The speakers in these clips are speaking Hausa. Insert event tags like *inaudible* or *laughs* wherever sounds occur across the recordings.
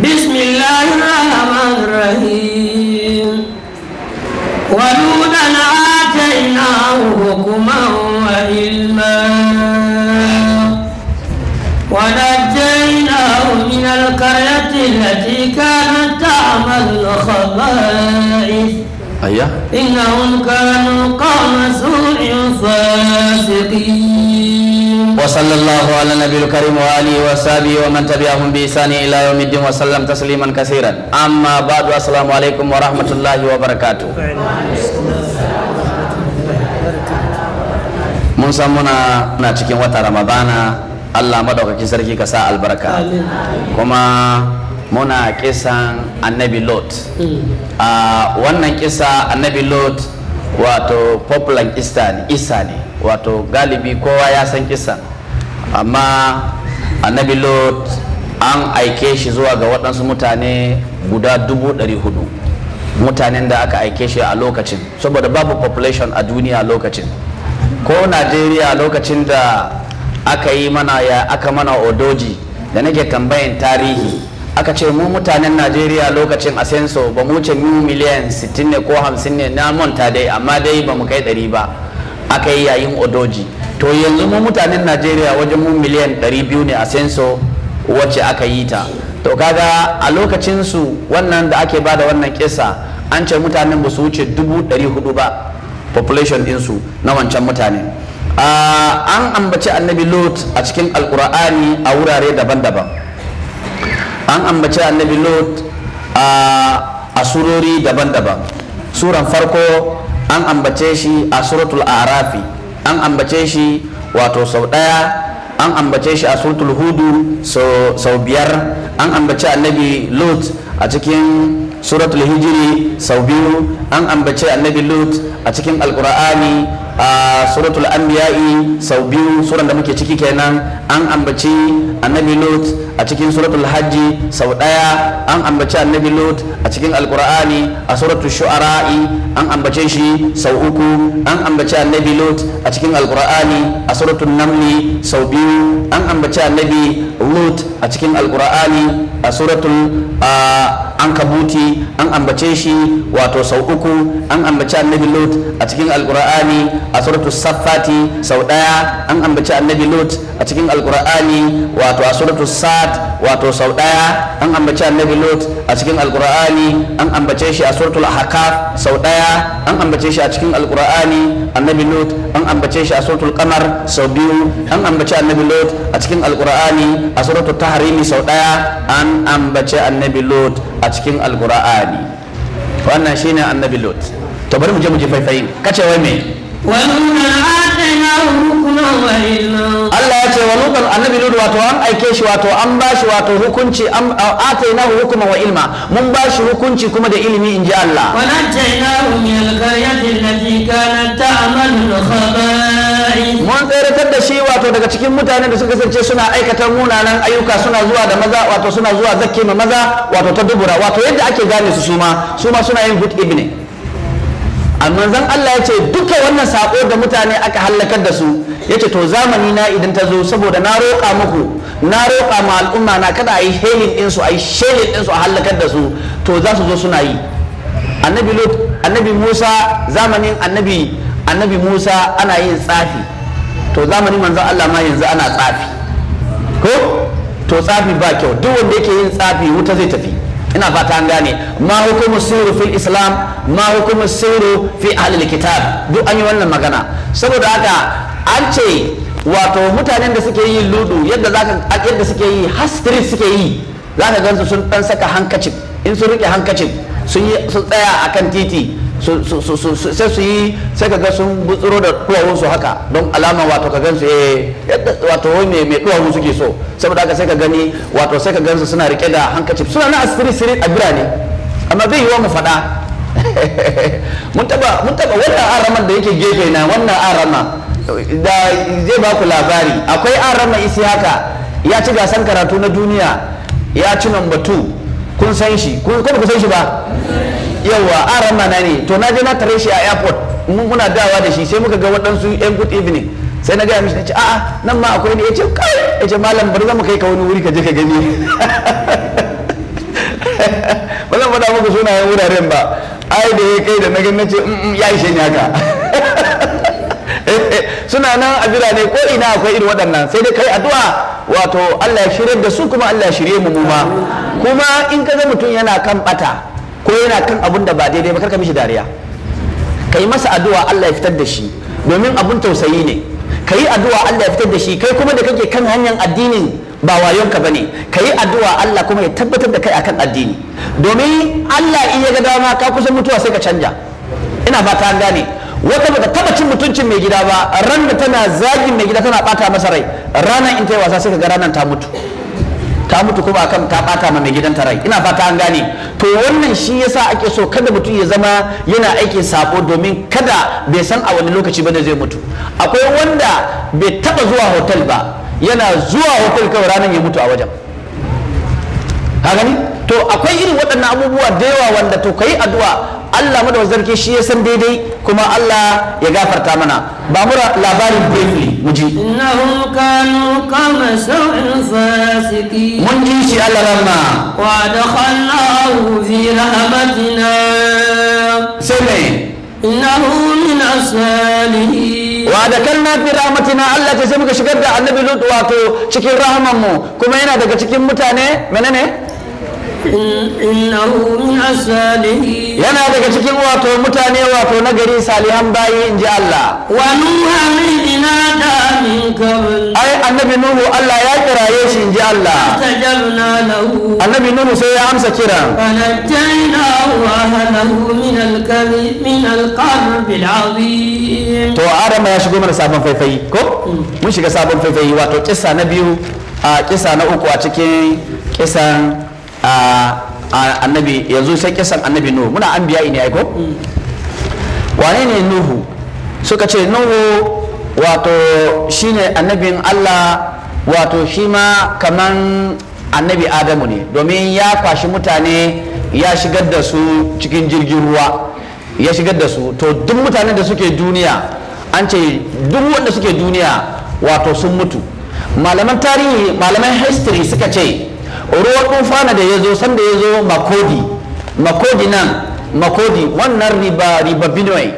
بسم الله الرحمن الرحيم ولودا آتيناه حكما وعلما ونجيناه من القرية التي كانت تعمل الخبائث أيوه إنهم كانوا وصلى الله على النبي الكريم وآله وصحبه ومن تبعهم بإحسان إلى يوم الدين وسلم تسليما كثيرا أما بعد السلام عليكم ورحمة الله وبركاته mun san muna na cikin wata ramadana allah madaukakin sarki ka sa albarka kuma muna kisan annabi lot a wannan kisa annabi lot wato popular isa ne wato galibi kowa ya san kisan amma annabi lot an aike shi zuwa ga waɗansu mutane guda dubu ɗari hudu mutanen da aka aike shi a lokacin saboda babu population a duniya lokacin ko najeriya lokacin da aka yi mana ya aka mana odoji da nake tambayin tarihi aka ce mu mutanen najeriya lokacin a senso ba mu ce mu miliyan 60 ne ko 50 ne na manta dai amma dai ba mu kai 100 ba aka yi yayin odoji to yanzu mu mutanen najeriya wajen mu miliyan 200 ne a senso wacce aka yi ta to kaga a lokacinsu wannan da ake bada wannan kisa an ce mutanen ba su wuce 400 ba population dinsu na wancan mutane ah, an ambaci annabi lot a cikin alkur'ani a wurare daban-daban an ambaci annabi lot a surori daban-daban suran farko an ambace shi a suratul arafi an ambace shi wato sau ɗaya an ambace shi a suratul hudu sau biyar an ambace annabi lut a cikin suratul hijiri sau biyu an ambace annabi lut a cikin alkur'ani a suratul anbiya'i sau biyu suran da muke ciki kenan an ambaci annabi lot a cikin suratul hajji sau daya an ambaci annabi lot a cikin alkur'ani a suratul shu'ara'i an ambace shi sau uku an ambaci annabi lot a cikin alkur'ani a suratul namli sau biyu an ambaci annabi lut a cikin alkur'ani a suratul an kabuti an ambace shi wato sau uku an ambaci annabi lot a cikin alkur'ani a suratu saffati sau daya an ambaci annabi lot a cikin alkur'ani wato a suratu sad wato sau daya an ambace annabi lot a cikin alkur'ani an ambace shi a suratul hakaf sau daya an ambace shi a cikin alkur'ani annabi lot an ambace shi a suratul kamar sau biyu an ambace annabi lot a cikin alkur'ani a suratu tahrimi sau daya an ambace annabi lot a cikin alkur'ani wannan shine annabi lot to bari mu je mu je faifayin kace wai me wannan Allah ya ce wa lukan annabi ludu wato an aike shi wato an ba shi wato hukunci an ataina hukuma wa ilma mun ba shi hukunci kuma da ilimi in ji Allah mun tsayar da shi wato daga cikin mutanen da suka kasance suna aikata munanan ayyuka suna zuwa da maza wato suna zuwa zakke ma maza wato ta dubura wato yadda ake gane su suma suma suna yin good ibne. zan Allah ya ce duka wannan sako da mutane aka halakar da su ya ce to zamani na idan ta zo saboda na roƙa muku na roƙa ma al'umma na kada a yi helin ɗinsu a yi shelin ɗinsu a halakar da su to za su zo suna yi annabi lut annabi musa zamanin annabi annabi musa ana yin tsafi to zamanin manzan Allah ma yanzu ana tsafi ko to tsafi ba kyau duk wanda yake yin tsafi wuta zai tafi ina fata gane ma hukumu sirru fil islam ma hukumu sirru fi ahlil kitab duk an yi wannan magana saboda haka an ce wato mutanen da suke yi ludu yadda ka yadda suke yi hastri suke yi zaka gansu sun dan saka hankacin in sun rike hankacin sun tsaya a kan titi sai su yi sai ka ga sun butsuro da duwawun su haka don alama wato ka gansu eh wato wai mai mai duwawu suke so saboda haka sai ka gani wato sai ka gansu suna rike da hankacif suna na asiri siri a birane amma bai wa mu faɗa *laughs* mun taba mun taba wannan araman da yake gefe na wannan arama da zai ba ku labari akwai arama isi haka ya ci gasan karatu na duniya ya ci number 2 kun san shi kun ku san shi ba yawa a mana ne to na je na tare shi a airport muna dawa da shi sai muka ga waɗansu yan good evening sai na gaya mishi nace a'a nan ma akwai ne yace kai yace malam bari zamu kai ka wani wuri ka je ka gani *laughs* ba zan faɗa muku sunayen wuraren ba ai da ya kai da na gani nace ya ishe ni haka *laughs* suna nan a birane ko ina akwai irin waɗannan sai dai kai addu'a wato Allah ya shirye da su kuma Allah ya shirye mu mu ma kuma in ka ga mutum yana kan bata ko yana kan abun da ba daidai ba karka mishi dariya ka yi masa addu'a Allah ya fitar da shi domin abun tausayi ne ka yi addu'a Allah ya fitar da shi kai kuma da kake kan hanyar addinin ba wayonka bane ka yi addu'a Allah kuma ya tabbatar da kai akan addini domin Allah in ya ga dama ka kusa mutuwa sai ka canja ina fata ta gane wata bata taba cin mutuncin mai gida ba ran da tana zagin mai gida tana bata masa rai ranar in ta yi wasa sai ka ga ranar ta mutu ta mutu kuma akan ta bata ma mai gidanta rai ina fata an gane to wannan shi yasa ake so kada mutum ya zama yana aikin sako domin kada bai san a wani lokaci ba bane zai mutu akwai wanda bai taba zuwa hotel ba yana zuwa hotel kawai ranar ya mutu a wajen ka gani to akwai irin waɗannan abubuwa da yawa wanda to kai addu'a Allah madawazarki shi ya san daidai kuma Allah ya gafarta mana ba mura labarin briefly mu ji innahum kanu qama sa'in fasiki mun ji shi Allah ramma wa dakhalnahu fi rahmatina sai me innahu min asalihi wa dakalna fi rahmatina Allah ta sai muka shigar da annabi Lut wato cikin rahman mu kuma yana daga cikin mutane menene yana daga cikin wato mutane wato na gari salihan bayi in ji Allah ai annabi nuhu Allah ya kiraye shi in ji Allah annabi nuhu sai ya amsa kira to adama ya shigo mana sabon faifai ko mun shiga sabon faifai wato kisa na biyu a kisa na uku a cikin kisan annabi yanzu sai kisan annabi nuhu muna an biya ne aiko hmm. wane ne nuhu suka ce nuhu wato shine annabin allah wato shi ma kaman annabi adamu ne domin ya kwashi mutane ya shigar da su cikin jirgin ruwa ya shigar da su to duk mutanen da suke duniya an ce duk wanda suke duniya wato sun mutu malaman tarihi malaman history suka ce ruwan tufana da ya zo sanda ya zo makodi makodi nan makodi wannan riba riba binuwai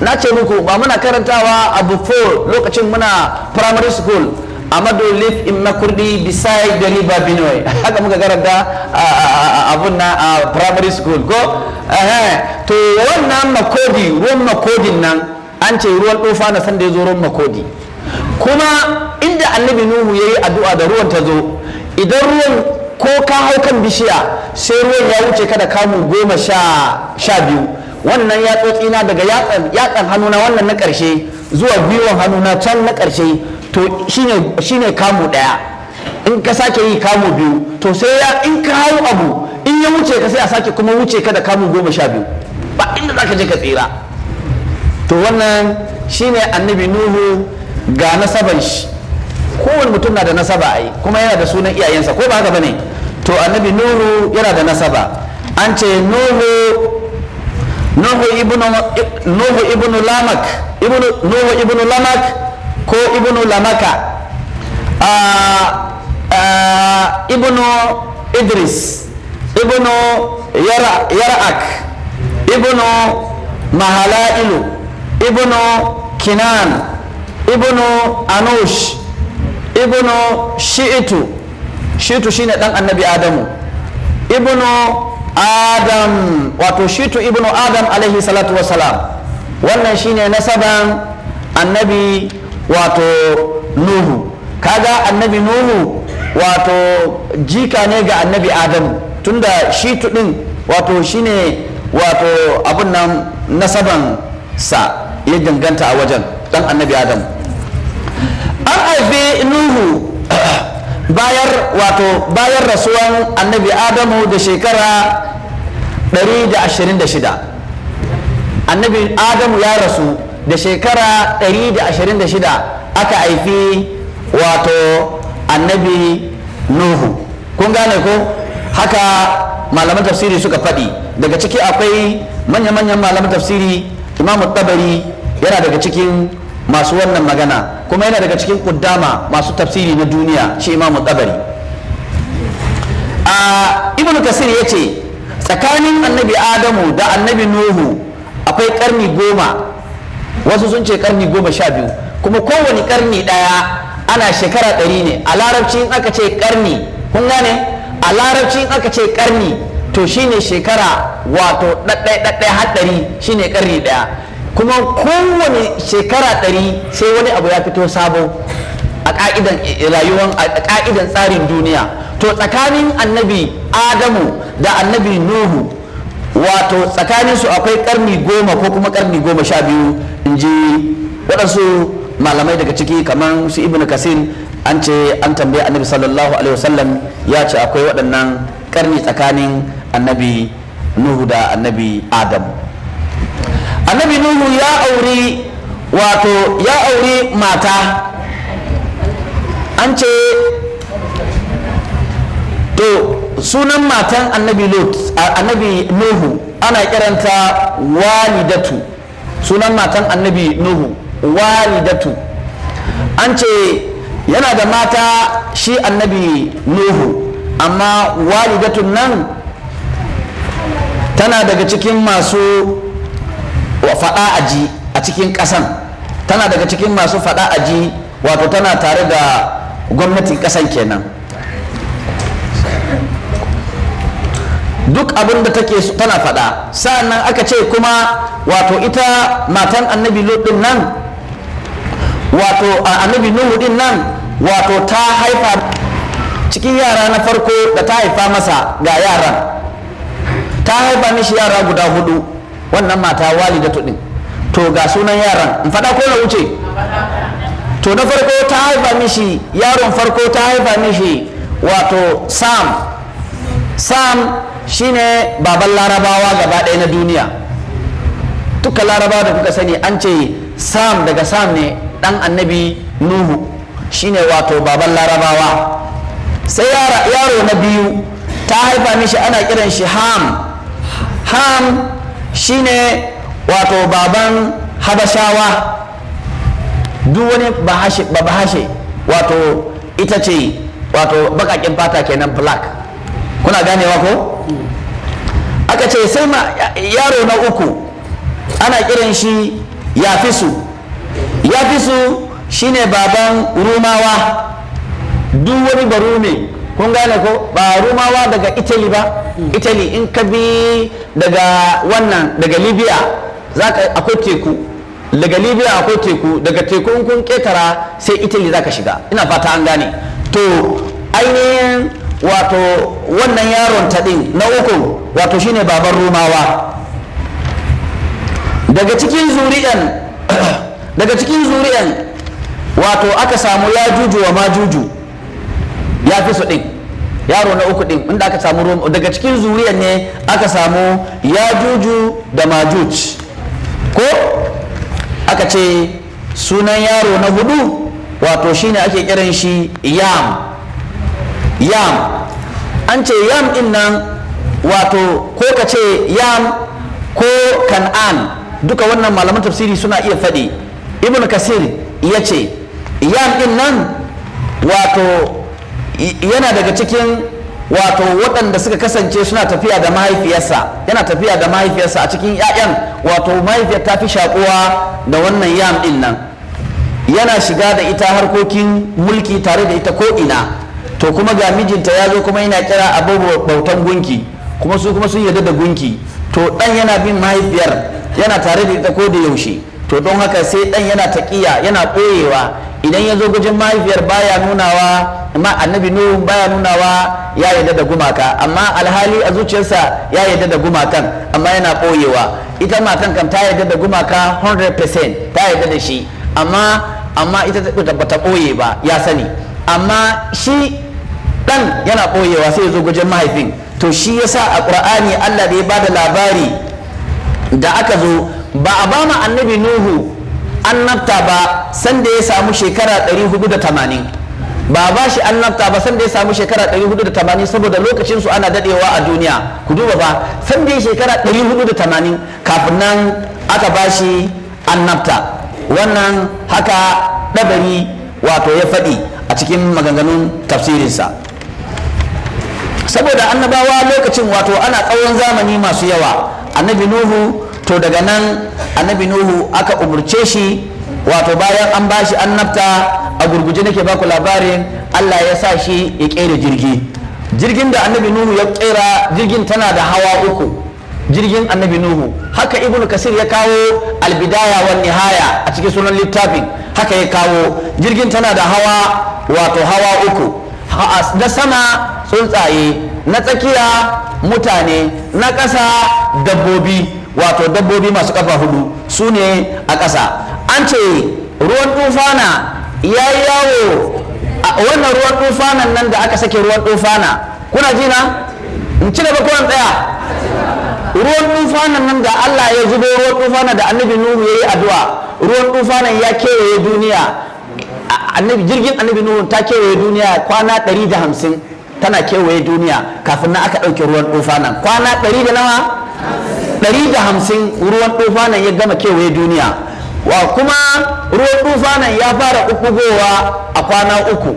na ce muku ba muna karantawa a bufo lokacin muna primary school amadu live in makurdi beside the river benue *laughs* haka muka karanta abun na a primary school ko to wannan makodi ruwan makodin nan an ce ruwan tufa na sanda ya zo ruwan makodi kuma inda annabi nuhu ya yi addu'a da ruwan ta zo idan ruwan ko ka hau kan bishiya sai ruwan ya wuce ka da kamun goma sha biyu wannan ya na daga yatsan hannuna wannan na ƙarshe zuwa gwiwan hannuna can na ƙarshe to shi ne kamu ɗaya in ka sake yi kamu biyu to sai ya in ka hau abu in ya wuce ka sai a sake kuma wuce kada da kamu goma sha biyu ba inda za ka je ka tsira to wannan shi ne annabi nuhu ga nasaban shi kowane mutum na da nasaba yi kuma yana da sunan iyayensa ko ba haka ne to annabi nuhu yana da nasaba an ce nuhu nuhu ibnu lamak nuhu ibnu lamak ko ibnu lamaka a ah, ah, ibnu idris ibnu yara'ak ibnu mahalailu ibnu kinan ibnu anush ibnu shi'itu shi'itu shine dan annabi adamu ibnu adam wato shi'itu ibnu adam alaihi salatu wassalam wannan shi ne nasaban annabi wato nuhu kaga annabi nuhu wato jika ne ga annabi adamu tunda shi'itu ɗin wato shi ne wato abun nan nasaban sa ya danganta a wajen ɗan annabi adamu annabi nuhu *clears throat* bayar wato bayan rasuwan annabi adamu da shekara 126 annabi adamu ya rasu da shekara 126 aka haifi wato annabi nuhu kun gane ko haka malaman tafsiri suka faɗi daga ciki akwai manya-manyan malaman tafsiri imamu tabari yana daga cikin masu wannan magana kuma yana daga cikin kuddama masu tafsiri na duniya shi imamu tabari a Ibn kasir ya ce tsakanin annabi adamu da annabi nuhu akwai karni goma wasu sun ce karni goma sha biyu kuma kowane karni ɗaya ana shekara ɗari ne a larabci in aka ce karni kun gane a larabci in aka ce karni to shine shekara wato ɗaɗɗai ɗaɗɗai har ɗari shine karni ɗaya kuma kowane shekara ɗari sai wani abu ya fito sabo a ƙa'idan eh, rayuwar a ƙa'idan tsarin duniya to tsakanin annabi adamu da annabi nuhu wato tsakanin su akwai ƙarni goma ko kuma ƙarni goma sha biyu in ji waɗansu malamai daga ciki kamar su ibn kasin an ce an tambaye annabi sallallahu alaihi wasallam ya ce akwai waɗannan ƙarni tsakanin annabi nuhu da annabi adamu annabi nuhu ya auri wato ya auri mata an ce to sunan matan annabi nuhu ana kiranta walidatu sunan matan annabi nuhu walidatu an ce yana da mata shi annabi nuhu amma walidatun nan tana daga cikin masu wa faɗa aji a cikin ƙasan tana daga cikin masu faɗa aji wato tana tare da gwamnatin ƙasan kenan duk abin da take tana faɗa sa'annan aka ce kuma wato ita matan annabi din nan wato annabi nuhu din nan wato ta haifa cikin yara na farko da ta haifa masa ga yaran ta haifa mishi yara guda hudu wannan mata wali da tuɗin to ga sunan yaran in faɗa ko na wuce to na farko ta haifa mishi yaron farko ta haifa mishi wato sam sam shine baban larabawa gaba ɗaya na duniya duka larabawa da kuka sani an ce sam daga sam ne ɗan annabi nuhu shine wato baban larabawa sai yaro na biyu ta haifa mishi ana kiran shi ham ham shine wato baban habashawa duk wani bahashe wato ita ce wato bakakin fata kenan black kuna ganewa ko aka ce sai ma yaro na uku ana kiran shi yafisu yafisu shine baban rumawa duk wani barume kun gane ko ba rumawa daga italy ba italy in ka bi daga wannan daga libya za ka akwai teku daga libya akwai teku daga teku in kun ketara sai italy za ka shiga ina fata an gane to ainihin wato wannan yaron ta na uku wato shine babar rumawa daga cikin zuri'an *coughs* daga cikin zuri'an wato aka samu ya juju wa ma juju ya fi su ɗin yaro na uku ɗin inda aka samu daga cikin zuriyar ne aka samu ya juju da majuj ko aka ce sunan yaro na hudu wato shine ake kiran shi yam yam an ce yam ɗin nan wato ko ka ce yam ko kan'an duka wannan malaman tafsiri suna iya faɗi ibn kasir ya ce yam ɗin nan wato yana daga cikin wato waɗanda suka kasance suna tafiya da mahaifiyarsa yana tafiya da mahaifiyarsa a cikin 'ya'yan wato mahaifiyar ta fi shakuwa da wannan yam ɗin nan yana shiga da ita harkokin mulki tare da ita ko'ina to kuma ga mijinta ya zo kuma yana kira abubuwa bautan gunki kuma su kuma sun yarda da gunki to ɗan yana bin mahaifiyar yana tare da ita ko da yaushe to don haka sai ɗan yana taƙiya yana ɓoyewa idan ya zo gujin mahaifiyar baya nunawa amma annabi nuhu baya nunawa ya yarda da gumaka amma alhali a zuciyarsa ya yarda da gumakan amma yana ɓoyewa ita matan kan ta yarda da gumaka 100% ta yarda da shi amma amma ita ta ɓoye ba ya sani amma shi ɗan yana ɓoyewa sai ya zo gujin mahaifin to shi yasa a ƙur'ani allah da ya ba labari da aka zo ba a ba ma annabi nuhu annabta ba sanda ya samu shekara 480 ba ba shi annabta ba sanda ya samu shekara 480 saboda lokacin su ana dadewa a duniya ku duba ba sanda ya shekara 480 kafin nan aka ba shi annabta wannan haka dabari wato ya faɗi a cikin maganganun tafsirinsa saboda annabawa lokacin wato ana tsawon zamani masu yawa annabi nuhu to daga nan annabi nuhu aka umurce shi wato bayan an bashi annabta a gurguje nake baku labarin allah ya sa shi ya kera jirgi jirgin da annabi nuhu ya kera jirgin tana da hawa uku jirgin annabi nuhu haka Ibn kasir ya kawo albidaya wa nihaya a cikin sunan littafin haka ya kawo jirgin tana da hawa wato hawa uku da sama tsuntsaye na tsakiya mutane na ƙasa dabbobi wato dabbobi masu kafa hudu su ne a ƙasa an ce ruwan tufana ya yi yawo wannan ruwan tufanan nan da aka sake ruwan tufana kuna jina? in ci gaba kuwan tsaya ruwan tufanan nan da Allah ya zubo ruwan tufana da annabi Nuhu ya yi addu'a ruwan tufanan ya kewaye duniya annabi jirgin annabi Nuhu ta kewaye duniya kwana da 150 tana kewaye duniya kafin na aka ɗauke ruwan tufanan kwana 100 da nawa ɗari da hamsin ruwan tufanin ya gama kewaye duniya wa kuma ruwan tufanin ya fara ɓuɓɓugowa a kwana uku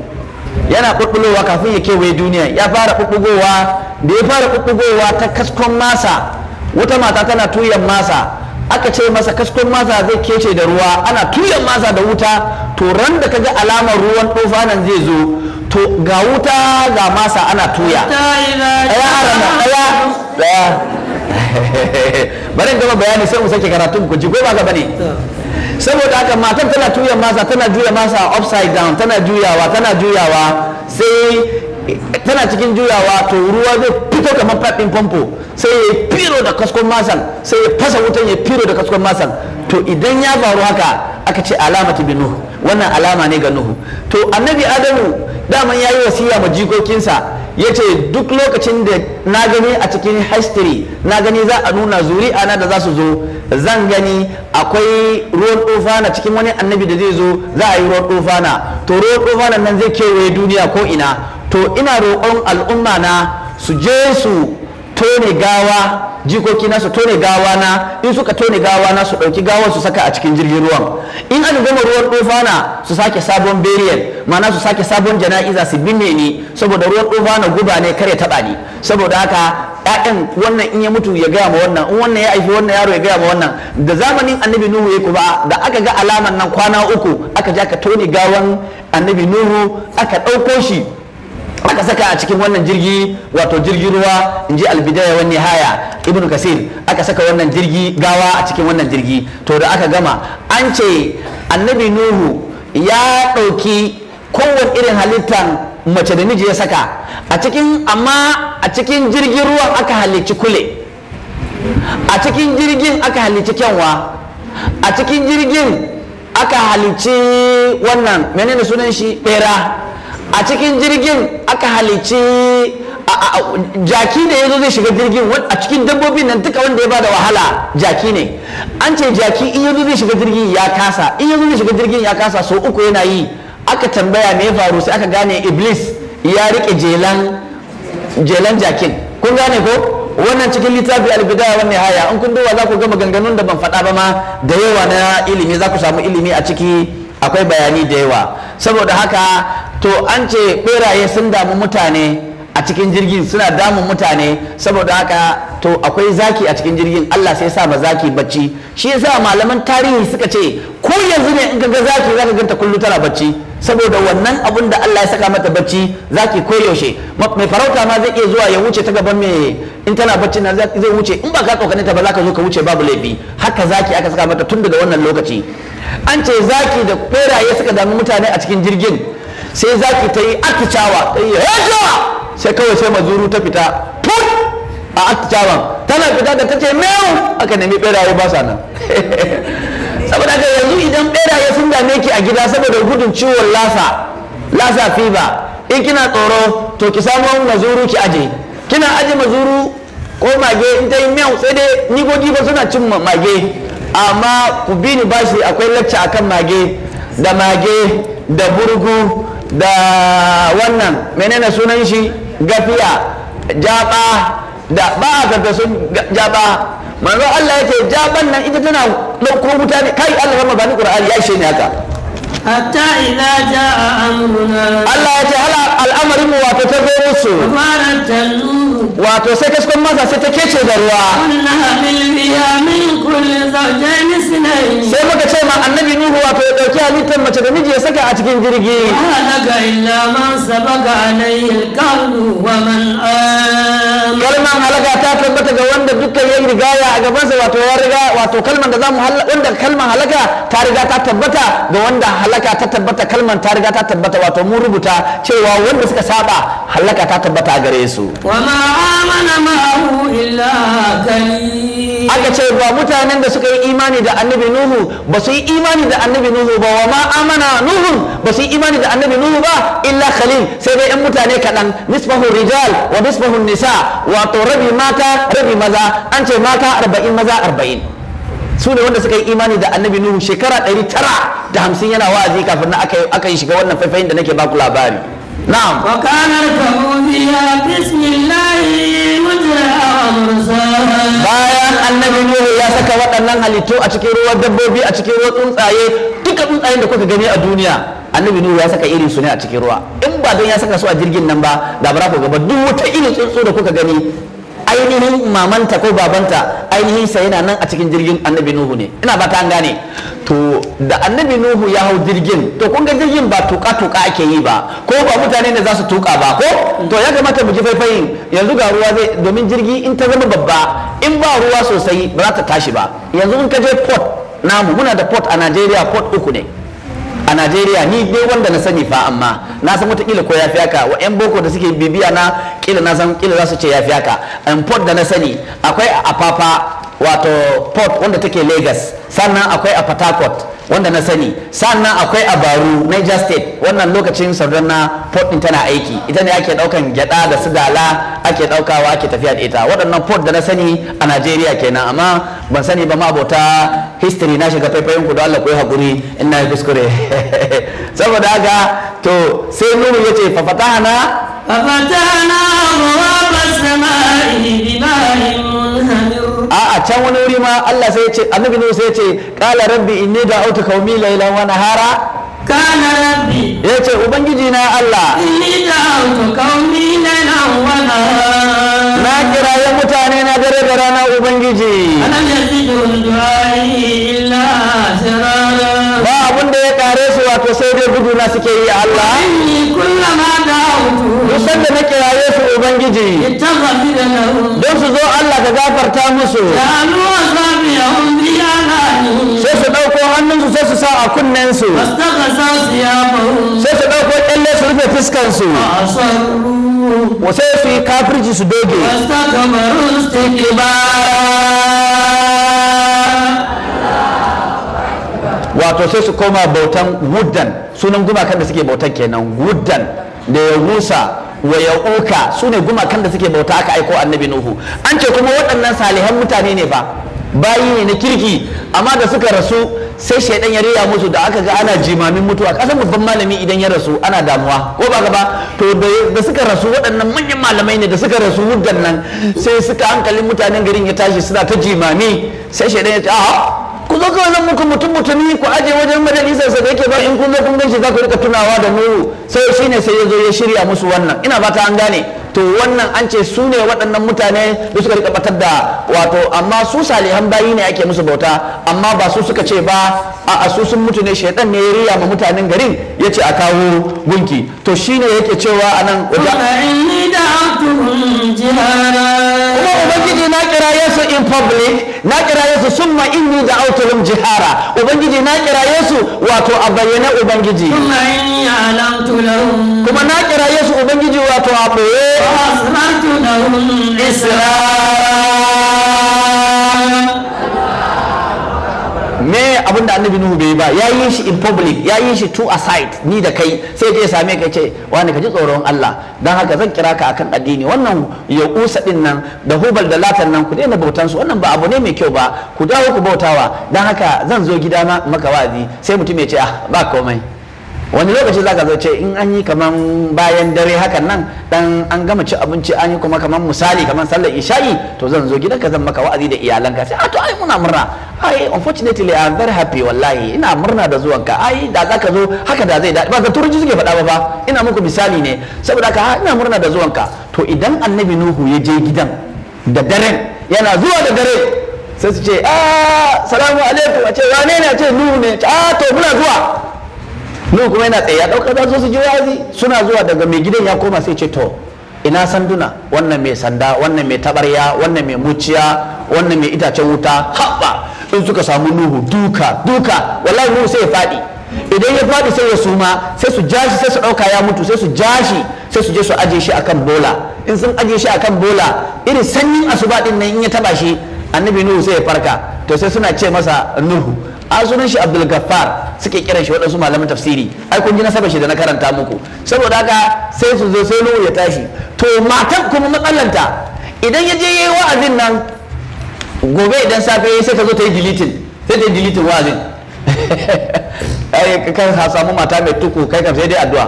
yana ɓuɓɓugowa kafin ya kewaye duniya ya fara ɓuɓɓugowa da ya fara ɓuɓɓugowa ta kaskon masa wata mata tana tuyan masa aka ce masa kaskon masa zai kece da ruwa ana tuyan masa da wuta to ran da kaga alamar ruwan tufanin zai zo to ga wuta ga masa ana tuya ɗaya *laughs* bari in gama bayani sai mu sake karatun ku ji ko ba ka bane saboda haka matar tana tuya masa tana juya masa upside down tana juyawa tana juyawa sai tana cikin juyawa to ruwa zai fito kamar faɗin famfo sai ya firo da kaskon masan sai ya fasa wutan ya firo da kaskon masan to idan ya faru haka aka ce alama ta nuhu wannan alama ne ga nuhu to annabi adamu daman yayi wasiya ma jikokinsa ya ce duk lokacin da na gani a cikin history na gani za a nuna zuri'a na da za su zo zan gani akwai ruwan tsofana cikin wani annabi da zai zo za a yi ruwan tsofana to ruwan tsofanan nan zai kewaye duniya ko ina to ina roƙon al'umma na su je su tone gawa jikoki nasu tone gawa na in suka tone gawa na su ɗauki gawar su saka a cikin jirgin ruwan in aka gama ruwan ɗofana su sake sabon beriyan ma'ana su sake sabon jana'iza su binne ni saboda ruwan na guba ne kare taɓa ni saboda haka ya'yan wannan in ya mutu ya gaya ma wannan in wannan ya haifi wannan yaro ya gaya ma wannan da zamanin annabi nuhu ya kuma da aka ga alaman nan kwana uku aka je ka tone gawan annabi nuhu aka ɗauko shi aka saka a cikin wannan jirgi wato jirgin ruwa in ji albidaya wani haya ibn kasir aka saka wannan jirgi gawa a cikin wannan jirgi to da aka gama an ce annabi nuhu ya ɗauki kowane irin halittar mace da miji ya saka a cikin amma a cikin jirgin ruwan aka halicci kule a cikin jirgin aka halicci kyanwa a cikin jirgin aka halicci wannan menene sunan shi bera a cikin jirgin aka halici jaki ne yanzu zai shiga jirgin a cikin dabbobin nan duka wanda ya bada wahala jaki ne an ce jaki in yanzu zai shiga jirgin ya kasa in yanzu zai shiga jirgin ya kasa so uku yana yi aka tambaya me ya faru sai aka gane iblis ya rike jelan jelan jakin kun gane ko wannan cikin littafi albidaya wannan haya in kun duba za ku ga maganganun da ban faɗa ba ma da yawa na ilimi za ku samu ilimi a ciki akwai bayani da yawa saboda haka to an ce beraye sun damu mutane a cikin jirgin suna damun mutane saboda haka to akwai zaki a cikin jirgin Allah sai sa ba zaki bacci shi yasa malaman tarihi suka ce ko yanzu ne in ga zaki zaka ganta kullu tana bacci saboda wannan abun da Allah ya saka mata bacci zaki ko yaushe mai farauta ma zai iya zuwa ya wuce ta gaban me in tana bacci na zai wuce in ba ka tsokane ta ba zaka zo ka wuce babu laifi haka zaki aka saka mata tun daga wannan lokaci an ce zaki da beraye suka damu mutane a cikin jirgin sai zaki ta yi akicawa ta yi sai kawai sai mazuru ta fita put a aktaban tana fita da ta ce mewu aka nemi beraye ba sa nan *laughs* saboda ka yanzu idan beraye sun dame ki a gida saboda gudun ciwon lasa lasa fever in kina tsoro to ki samu mazuru ki aje kina aje mazuru ko mage in ta yi mewu sai dai ni gogi ba suna cin mage amma ku bi ni bashi akwai lacca akan mage da mage da burgu da wannan menene sunan shi gafiya jaba da ba a sun jaba manzo Allah ce jaban nan ita tana ɗauko mutane ne kai Allah rama bani Qur'ani ya ishe ne haka hatta ila jaa amruna Allah ya ce hala al'amarin mu wato ta zo musu wato sai kaskon masa sai ta kece da ruwa sai muka ce ma annabi nuhu wato ya dauki halittar mace da miji ya saka a cikin jirgi kalman halaga ta tabbata ga wanda dukkan ya rigaya a gabansa wato ya riga wato kalman da zamu wanda kalman halaka ta riga ta tabbata ga wanda halaka ta tabbata kalman ta riga ta tabbata wato mun rubuta cewa wanda suka saba halaka ta tabbata gare su wa amana ma'ahu illa kali aka ce ba mutanen da suka yi imani da annabi nuhu ba su yi imani da annabi nuhu ba wa ma amana nuhu ba su yi imani da annabi nuhu ba illa kalil sai dai yan mutane kaɗan nisbahu rijal wa nisbahu nisa wato rabi mata rabi maza an ce mata arba'in maza arba'in su ne wanda suka yi imani da annabi nuhu shekara ɗari tara da hamsin yana wa'azi kafin na aka yi shiga wannan faifayin da nake baku labari نعم وكان bayan annabi Nuhu ya saka waɗannan halittu a cikin ruwan dabbobi a cikin ruwan tsuntsaye duka tsuntsayen da kuka gani a duniya annabi Nuhu ya saka irin su ne a cikin ruwa in ba don ya saka su a jirgin nan ba da ba ku gaba duk wata irin tsuntsu da kuka gani ainihin mamanta ko babanta ainihin sa yana nan a cikin jirgin annabi nuhu ne ina ba ta gane to da annabi nuhu ya hau jirgin to kun ga jirgin ba tuka tuka ake yi ba ko ba mutane da za su tuka ba ko to ya kamata mu ji faifayin yanzu ga ruwa zai domin jirgi in ta zama babba in ba ruwa sosai ba za ta tashi ba yanzu in ka je port namu muna da port a Najeriya port uku ne a najeriya ni dai wanda na sani fa amma na san watakila ko ya fi haka wa yan boko da suke bibiya na kila na san kila za su ce ya fi haka import da na sani akwai a afafa wato port wanda take lagos sannan akwai a port harcourt wanda na sani sannan akwai a baru niger state wannan lokacin na port din tana aiki ita ne ake daukan gyada da sigala ake daukawa ake tafiya da ita waɗannan port da na sani a nigeria kenan amma ban sani ba ma bauta history na shiga faifayin ku da allah ku yi haƙuri in na yi kuskure *laughs* saboda haka to sai nuru ya ce fafatana fafatana wa bima'in a'a can wani wuri ma Allah sai ya ce annabi Nuhu sai ya ce qala rabbi inni da'utu qaumi laylan wa nahara qala rabbi ya ce ubangiji na Allah inni da'utu qaumi laylan wa nahara na kira ya mutane na dare da rana ubangiji alam yazidu du'ai illa sirra wato sai dai gudu na suke yi Allah kusan da na kiraye su ubangiji don su zo Allah ka gafarta musu sai su ɗauko hannunsu sai su sa a kunnensu sai su ɗauko ƙyalle su rufe fuskansu sai su yi kafirci su doge wato sai su koma bautan wuddan sunan gumakan da suke bautan kenan wuddan da ya rusa wa ya uka su ne gumakan da suke bauta aka aiko annabi nuhu an ce kuma waɗannan salihan mutane ne ba. bayi ne na kirki amma da suka rasu sai shaidan ya riya musu da aka ga ana jimamin mutuwa kasan babban malami idan ya rasu ana damuwa ko ba gaba to da suka rasu waɗannan manyan malamai ne da suka rasu wuddan nan sai suka hankalin mutanen garin ya tashi suna ta jimami sai shaidan ya ce a ku zo kawai nan muku mutum mutumi ku aje wajen majalisar sa da yake ba in kun zo kun ganshi za ku rika tunawa da nuru sai shine sai ya zo ya shirya musu wannan ina fata an gane to wannan an ce su ne waɗannan mutane da suka rika batar da wato amma su salihan bayi ne ake musu bauta amma ba su suka ce ba a asu sun mutu ne shaidan ne ya riya ma mutanen garin ya ce a kawo gunki to shine yake cewa a nan kuma ubangiji na kiraye Yesu in public na kiraye su sun ma in ni da autolum jihara ubangiji na kiraye su wato a bayyane ubangiji kuma na kiraye su ubangiji wato a ɓoye me abin da annabi nuhu bai ba ya yi shi in public ya yi shi to a site ni da kai sai ya same ka ce wani ka ji tsoron Allah dan haka zan kira ka akan addini wannan ya kusa din nan da hubal da latan nan ku daina bautan su wannan ba abu ne mai kyau ba ku dawo ku bautawa dan haka zan zo gida maka wazi sai mutum ya ce ah ba komai wani lokaci zaka zo ce in an yi kaman bayan dare hakan nan dan an gama ci abinci an yi kuma kaman misali kaman sallar isha'i to zan zo gidanka zan maka wa'azi da iyalanka sai a ah, to ai muna murna ai unfortunately I am very happy wallahi ina murna da zuwanka ai da zaka zo haka da zai daɗi ba ga turji suke faɗa ba fa ina muku misali ne saboda haka ah, ina murna da zuwan ka to idan annabi nuhu ya je gidan da daren yana zuwa da dare sai su ce a ah, salamu alaikum a ce wane ne a ce nuhu ne a to muna zuwa nuhu kuma yana tsaye ya ɗauka za su ji wazi suna zuwa daga mai gidan ya koma sai ce to ina sanduna wannan mai sanda wannan mai tabarya wannan mai muciya wannan mai itacen wuta haɓa in suka samu nuhu duka duka wallahi nuhu sai ya faɗi idan ya faɗi sai ya suma sai su ja shi sai su ɗauka ya mutu sai su ja shi sai su je su aje shi akan bola in sun aje shi akan bola irin sanyin asuba ɗin nan in ya taba shi annabi nuhu sai ya farka to sai suna ce masa nuhu a sunan shi abdul gaffar suke kiran shi waɗansu malaman tafsiri ai kun ji na saba shi da na karanta muku saboda haka sai su zo sai nuhu ya tashi to matan kuma matsalanta idan ya je yayi wa'azin nan gobe idan safe sai ta zo ta yi deleting sai ta yi deleting wa'azin *laughs* ai kan ha samu mata mai tuku kai kam sai dai addu'a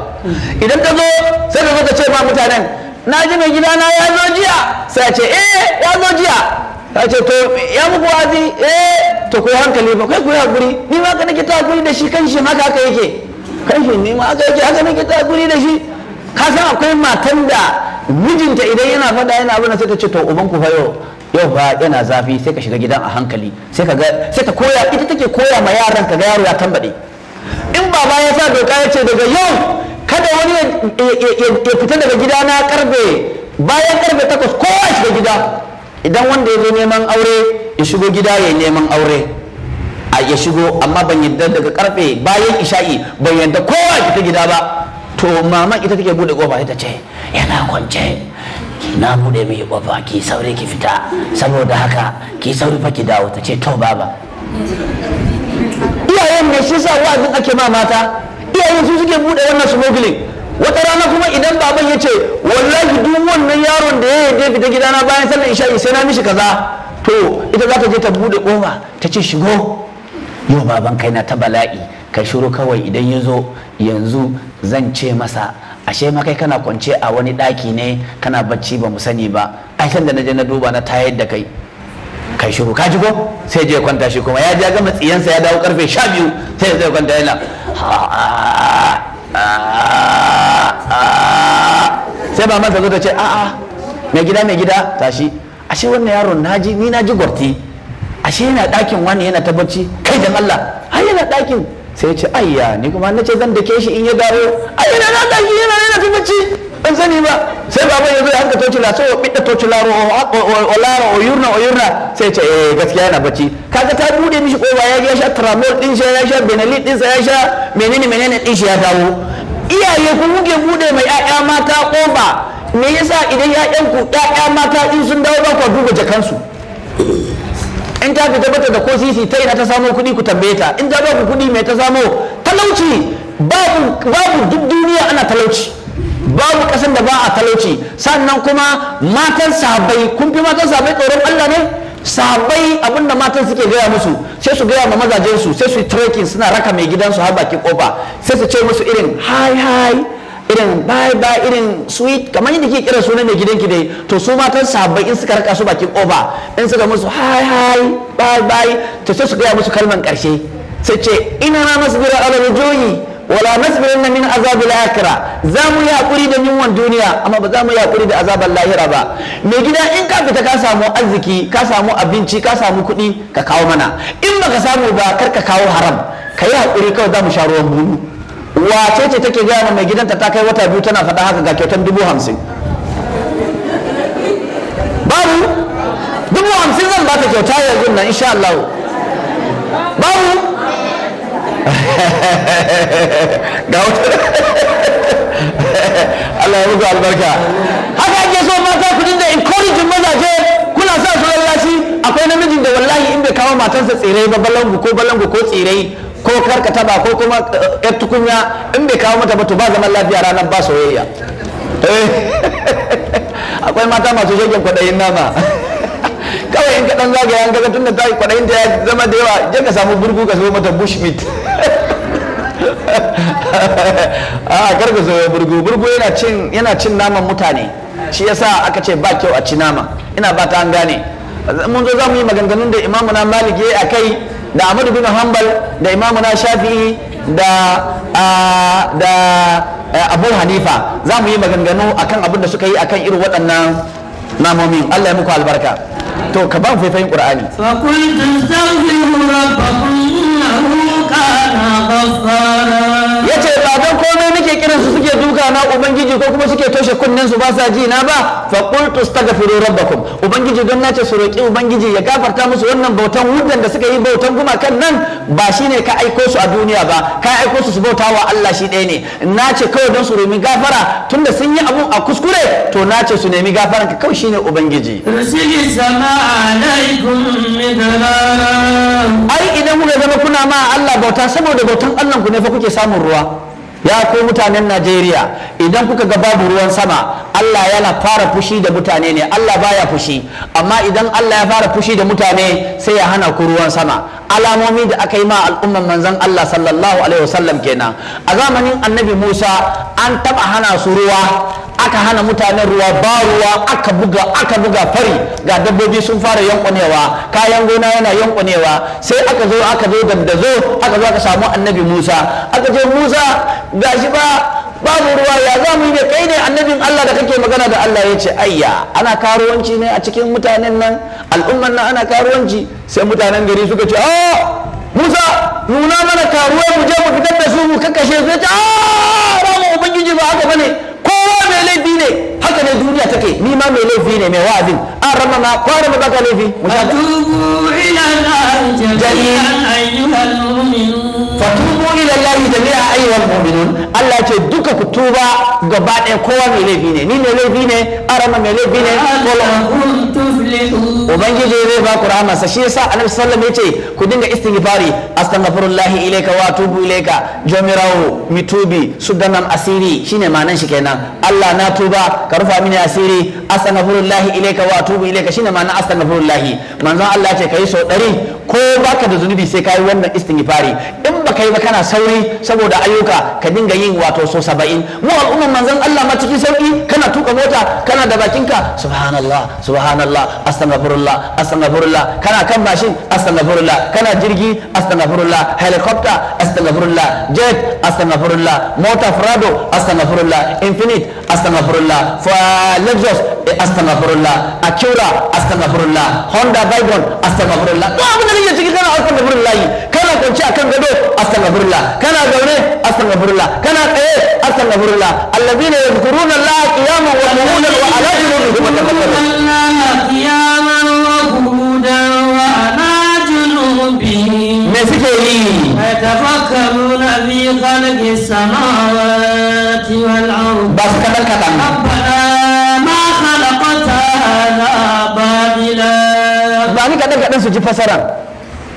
idan ta zo sai ta zo ta ce ma mutanen na ji mai gidana ya zo jiya sai a ce eh ya zo jiya ta ce to ya muku wazi eh to ko hankali ba kai ku hakuri ni ma ka nake ta hakuri da shi kan shi haka haka yake kan shi ni ma haka yake haka nake ta hakuri da shi ka san akwai matan da mijinta idan yana fada yana abin sai ta ce to uban ku fa yau yau fa yana zafi sai ka shiga gidan a hankali sai ka ga sai ta koya ita take koya ma yaran ka ga yaro ya tambade in baba ya sa doka ya ce daga yau kada wani ya fita daga gidana karbe bayan karbe takwas kowa shiga gida idan wanda ya zo neman aure ya shigo gida ya neman aure a ya shigo amma ban yadda daga karfe bayan isha'i ban yadda kowa ya fita gida ba to mama ita take bude kofa ita ce yana kwance na bude mai kofa ki saure ki fita saboda haka ki sauri fa ki dawo ta ce to baba iyayen me shi sa wa'azin ake ma mata iyayen su suke bude wannan smuggling wata rana kuma idan baban ya ce wallahi duk wannan yaron da ya yarda fita gidana bayan sallar isha'i sai na mishi kaza to ita za ta je ta bude kofa ta ce shigo yau baban kai na ta bala'i ka shiru kawai idan ya zo yanzu zan ce masa ashe ma kai kana kwance a wani daki ne kana bacci ba mu sani ba ai san da na je na duba na tayar da kai kai shiru ka jigo sai je kwanta shi kuma ya ja gama tsiyansa ya dawo karfe sha biyu sai ya kwanta yana sai ba mata zo ta ce a'a mai gida mai gida tashi ashe wannan yaron naji ni na ji gwarti ashe yana ɗakin wani yana ta kai da Allah har yana ɗakin sai ya ce ayya ni kuma na ce zan dake shi in ya dawo ayyana yana ɗakin yana yana ta ban sani ba sai baban ya zo ya haska la sai ya bidda laro o lara o yurna o yurna sai ce eh gaskiya yana bacci kaga ta bude mishi koba ya sha tramol din shi ya sha benelin din sa ya sha menene menene din shi ya dawo iyaye ku muke bude mai ƴaƴa mata koba me yasa idan ƴaƴan ku ƴaƴa mata in sun dawo ba ku duba jakansu in ta fita bata da ko sisi ta ina ta samo kuɗi ku tambaye ta in ta ba ku kuɗi mai ta samo talauci babu babu duk duniya ana talauci babu kasan da ba a talauci sannan kuma matan sahabbai kun fi matan sahabbai tsoron Allah ne sahabbai abinda matan suke gaya musu sai su gaya ma mazajensu su sai su yi trekking suna raka mai gidansu har bakin kofa sai su ce musu irin hai hai irin bye bye irin sweet kamar yadda kike kira sunan mai gidanki dai to su matan sahabbai in suka raka su bakin kofa in suka musu hai hai bye bye to sai su gaya musu kalman karshe sai ce ina na masbira ala rujoyi wala nasbirin min azabi al-akhirah za mu yi hakuri da yunwan duniya amma ba za mu yi hakuri da azabar lahira ba mai gida in ka fita ka samu arziki ka samu abinci ka samu kuɗi ka kawo mana in baka samu ba kar ka kawo haram ka yi hakuri kawai za mu sha ruwan bunu wace ce take gaya mai gidanta ta kai wata biyu tana faɗa haka ga kyautan dubu hamsin babu dubu hamsin zan ba ta kyauta yanzu nan insha Allah babu ga *laughs* wata *laughs* Allah ya muku albarka haka ake so mata ku dinga encouraging mazaje kuna sa su lallashi akwai namijin da wallahi in bai kawo matansa tsirai ba balangu ko balangu ko tsirai ko karkata ba ko kuma eh, yar tukunya in bai kawo mata ba to ba zaman lafiya ranar ba soyayya eh. *laughs* akwai mata masu shagen kwaɗayin nama kawai in ka dan zagaya in kaga tunda yi kwaɗayin ta ya zama da yawa je ka samu burgu ka zo mata meat. *laughs* a kar ka zo burgu burgu yana cin naman mutane shi yasa aka ce ba kyau a ci nama ina ba ta an gane mun zo za mu yi maganganun da imamu na malik ya kai, da Amadu bin hanbal da imamu na shafi'i da da eh, abu hanifa za mu yi maganganu akan abin da suka yi akan irin waɗannan namomin Allah ya muku albarka to ka ba mu faifayin qur'ani fa tastaghfiru rabbakum innahu kana ghaffara yace komai nake kiran su suke duka na ubangiji ko kuma suke toshe kunnen su ba sa ji na ba fa qultu astaghfiru rabbakum ubangiji don nace su roki ubangiji ya gafarta musu wannan bautan wudan da suka yi bautan gumakan nan ba shine ka aiko su a duniya ba ka aiko su su bauta wa Allah shi ɗaya ne nace kawai don su romi gafara tunda sun yi abu a kuskure to nace su nemi gafaran ka kawai shine ubangiji ai idan kuka zama kuna ma Allah bauta saboda bautan Allah ku ne fa kuke samun ruwa ya ko mutanen najeriya idan kuka ga babu ruwan sama allah yana fara fushi da mutane ne allah baya fushi amma idan allah ya fara fushi da mutane sai ya hana ku ruwan sama alamomi da aka yi ma al'umman manzan allah sallallahu alaihi wasallam kenan a zamanin annabi musa an taba hana su ruwa aka hana mutanen ruwa ba ruwa aka buga aka buga fari ga dabbobi sun fara yankunewa kayan gona yana yankunewa sai aka zo aka zo zo aka zo aka samu annabi musa aka ce musa gashi ba babu ruwa ya za mu yi kai ne annabin allah da kake magana da allah ya ce ayya ana karuwanci ne a cikin mutanen nan al'umman nan ana karuwanci sai mutanen gari suka ce a ah, musa nuna mana karuwa mu je mu fitar da su mu kakkashe su ya ce a ah, ubangiji ba haka bane kowa mai laifi ne haka ne duniya take ni ma mai laifi ne mai wa'azin an rama ma kwara ma baka laifi atubu ila al-jami'an ayyuhal mu'minun ilallahi jami'a ayyuhal mu'minun Allah ce duka ku tuba gaba ɗaya kowa mai laifi ne ni ne laifi ne arama mai laifi ne ubangiji zai ba ku rahama sa shi yasa annabi sallallahu alaihi wasallam yace ku dinga istighfari astaghfirullahi ilayka wa atubu ilayka jomirawo mitubi sudanan asiri shine ma'anan shi kenan Allah na tuba ka rufa mini asiri astaghfirullahi ilayka wa atubu ilayka shine ma'anan astaghfirullahi manzon Allah ce kai so 100 ko baka da zunubi sai ka yi wannan istighfari in baka yi ba kana sauri saboda ayyuka ka dinga yin wato so saba'in mu al'umman manzon Allah ma cikin sauki kana tuka mota kana da bakinka subhanallah subhanallah astaghfirullah astaghfirullah kana kan mashin astaghfirullah kana jirgi astaghfirullah helicopter astaghfirullah jet astaghfirullah mota prado astaghfirullah infinite astaghfirullah for lexus astaghfirullah acura astaghfirullah honda vibron astaghfirullah ya cikin kana astaghfirullah kana kwanci akan gado astaghfirullah kana zaune astaghfirullah kana tsaye astaghfirullah allazina yadhkuruna allaha qiyaman wa qu'udan wa ala junubihim me suke yi yatafakkaruna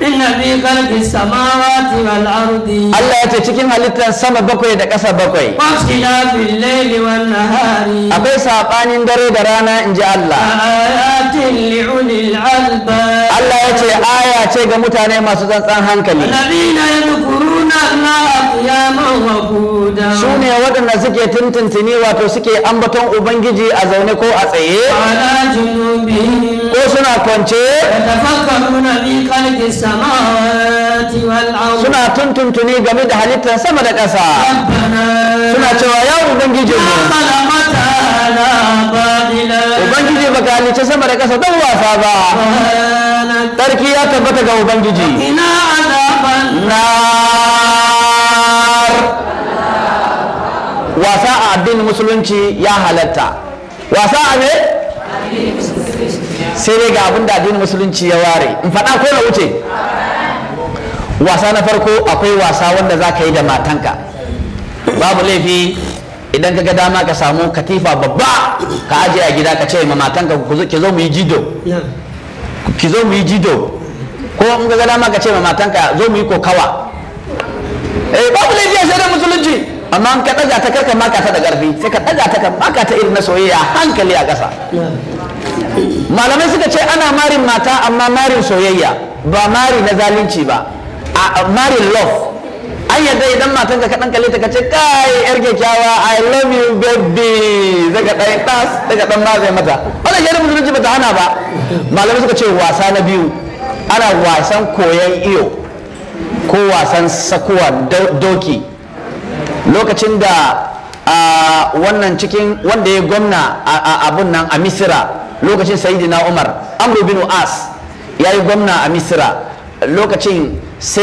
inna fi khalqi samawati wal ardi Allah ya ce cikin halittar sama bakwai da ƙasa bakwai wasila fil layli wan nahari akwai sabanin dare da rana in ji Allah ayatin li ulil albab Allah ya ce aya ce ga mutane masu tsantsan hankali alladhina yadhkuruna Allah qiyaman wa qudan su ne waɗanda suke tuntuntuni wato suke ambaton ubangiji a zaune ko a tsaye ala junubihim ko suna kwance suna tuntuntuni game da halittar sama da ƙasa suna cewa ya ubangiji mu ubangiji ba ka halicce sama da ƙasa don wasa ba tarki ya tabbata ga ubangiji wasa a addinin musulunci ya halatta wasa a ne sai dai ga abin da addinin musulunci ya ware in faɗa ko na wuce wasa na farko akwai wasa wanda za ka yi da matanka babu laifi idan ka ga dama ka samu katifa babba ka ajiye a gida ka ce ma matanka ki zo mu yi jido ki zo mu yi jido ko in ga dama ka ce ma matanka zo mu yi kokawa eh babu laifi sai da musulunci amma in ka ɗaga ta karka maka ta da ƙarfi sai ka ɗaga ta ka maka ta irin na soyayya hankali a ƙasa malamai suka ce ana marin mata amma marin soyayya ba mari na zalunci ba a marin love an yadda idan matan ka kaɗan kalle ka ce kai yar kyakkyawa i love you baby daga ɗan tas daga ɗan zai mata wannan yadda musulunci ba ta hana ba malamai suka ce wasa na biyu ana wasan koyon iyo ko wasan sakuwa doki lokacin da wannan cikin wanda ya gwamna a abun nan a misira lokacin sayyidina umar amru bin as ya yi gwamna a Misira. lokacin sai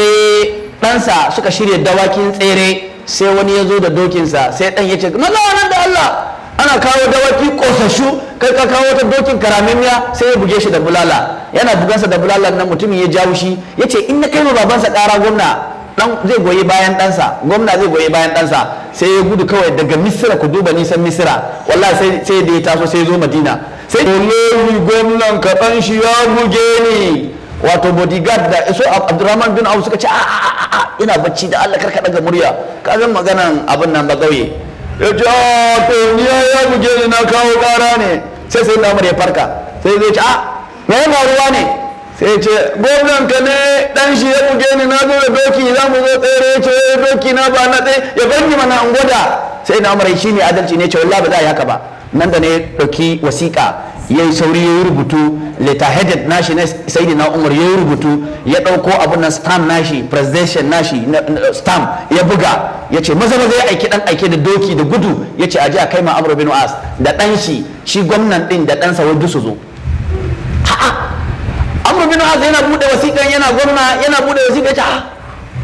ɗansa suka shirya dawakin tsere sai wani ya zo da dokinsa sai ɗan ya ce maza da allah ana kawo dawaki ƙosashu. kai ka kawo ta dokin karamimiya sai ya buge shi da bulala yana bugansa da bulala nan mutumin ya jawo shi ya ce in na kai ma babansa ƙara gwamna dan zai goyi bayan ɗansa gwamna zai goyi bayan ɗansa sai ya gudu kawai daga misira ku duba nisan misira wallahi sai da ya taso sai ya zo madina sai lewi gwamnan kaɗan shi ya buge ni wato bodyguard da so abdurrahman bin abu suka ce a ah, ah, ah, ina bacci da allah karka daga murya ka zan maganan abin nan ba gauye ya ce a to ni ya buge ni na kawo ƙara ne sai sai na ya farka sai zai ce a me ya faruwa ne sai ce gwamnan ka ne dan shi ya buge ni na zo da doki za mu zo tsere ce eh, doki na ba na tsaye ya bani mana an gwada sai na amurai shi ne adalci ne ce wallahi ba za a yi haka ba nan da ne ɗauki wasiƙa ya yi sauri ya yi rubutu letterheaded nashi na saidi na umar ya yi rubutu ya ɗauko abin nan stamp nashi presidential nashi stamp ya buga ya ce maza maza ya aiki ɗan aike da doki da gudu ya ce aji a kai ma amur bin as da ɗan shi shi gwamnan ɗin da ɗansa wai su zo amur bin as yana buɗe wasiƙan yana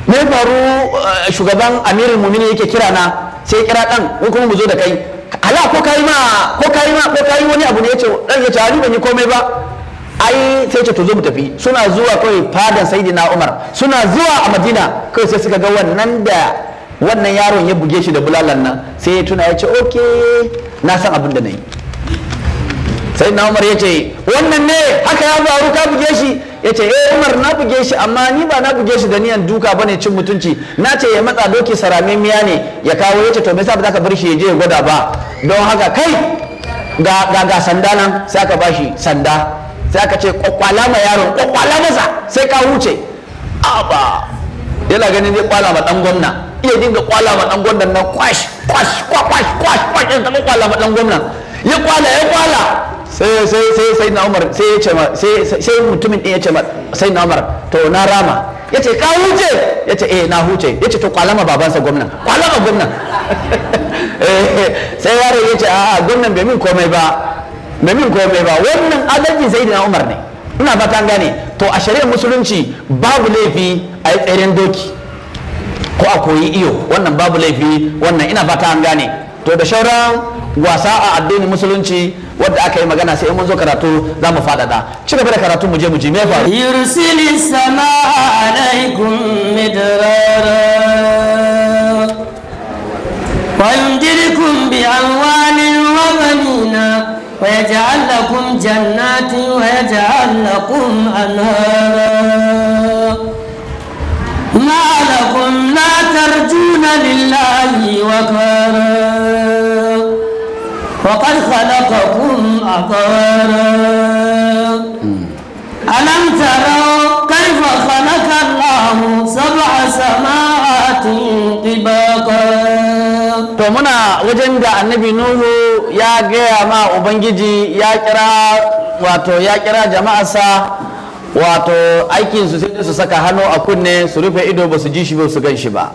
me faru eh, shugaban amirin mumini yake kira na sai kira ɗan ko kuma mu zo da kai ala ko kai ma ko kai ma ko kai wani abu ne yace dan yace ani ban yi komai ba ai sai ce to zo mu tafi suna zuwa kai fadan sayyidina Umar suna zuwa a Madina kai sai suka ga wannan da wannan yaron ya buge shi da bulalan nan sai ya tuna ya ce oke na san abin da na yi umar ya ce wannan ne haka ya faru ka buge shi ya ce eh umar na buge shi amma ni ba na buge shi da niyan duka ba ne cin mutunci na ce ya matsa doki saramimiya ne ya kawo ya ce to me yasa ba za ka bar shi ya je ya gwada ba don haka kai ga ga sanda nan sai ka bashi sanda sai ka ce kwakwala ma yaron kwakwala masa sai ka huce aba yana ganin zai kwala ma dan gwamna iya dinga kwala ma dan gwamnan nan kwash kwash kwash kwash kwash ya zama kwala ma dan gwamnan ya kwala ya kwala sai sai sai sai na umar sai ya ce ma sai sai mutumin din ya ce ma sai na umar to na rama ya ce ka huce ya ce eh na huce ya ce to kwalama babansa gwamnan kwalama gwamnan *laughs* eh, sai yaro ya ce a'a gwamnan bai min komai ba bai min komai ba wannan adalci sai na umar ne ina fatan gane to a shari'ar musulunci babu laifi a yi tseren doki ko a koyi iyo wannan babu laifi wannan ina fata an gane to da shauran wasa a addinin musulunci wadda aka yi magana sai mun zo karatu za mu faɗaɗa ci gaba da karatu mu je mu ji me faru yursili sama alaikum midrara wa yumdirikum bi alwanin wa banina wa yaj'al lakum jannatin wa yaj'al lakum anhara لله وقارا وقد خلقكم أطوارا ألم تروا كيف خلق الله سبع سماوات طباقا to muna wajen da annabi nuhu ya gaya ma ubangiji ya kira wato ya kira jama'arsa wato aikinsu sai su saka hannu a kunne su rufe ido ba su ji shi ba su gan shi ba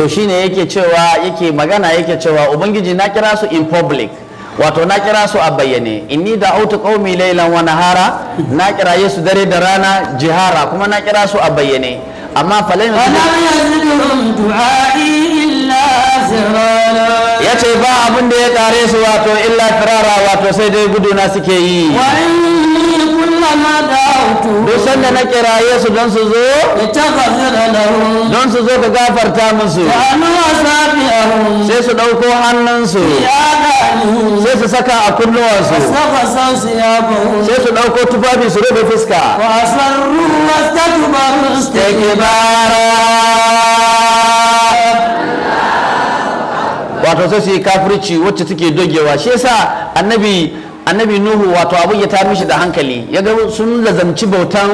to shine yake cewa yake magana yake cewa ubangiji na kira su in public wato na kira su a bayyane inni da auta qaumi laylan wa nahara na kira yesu dare da rana jihara kuma na kira su a bayyane amma falai ya ce ba abin da ya kare su wato illa firara wato sai dai guduna suke yi duk sanda na kiraye su don su zo don su zo ka gafarta musu sai su ɗauko hannunsu sai su saka a hun sai su ɗauko tufafi su rufe fuska wato sai su yi kafirci wacce suke dogewa shi yasa annabi annabi nuhu wato abin ya ta mishi da hankali ya ga sun lazamci bautan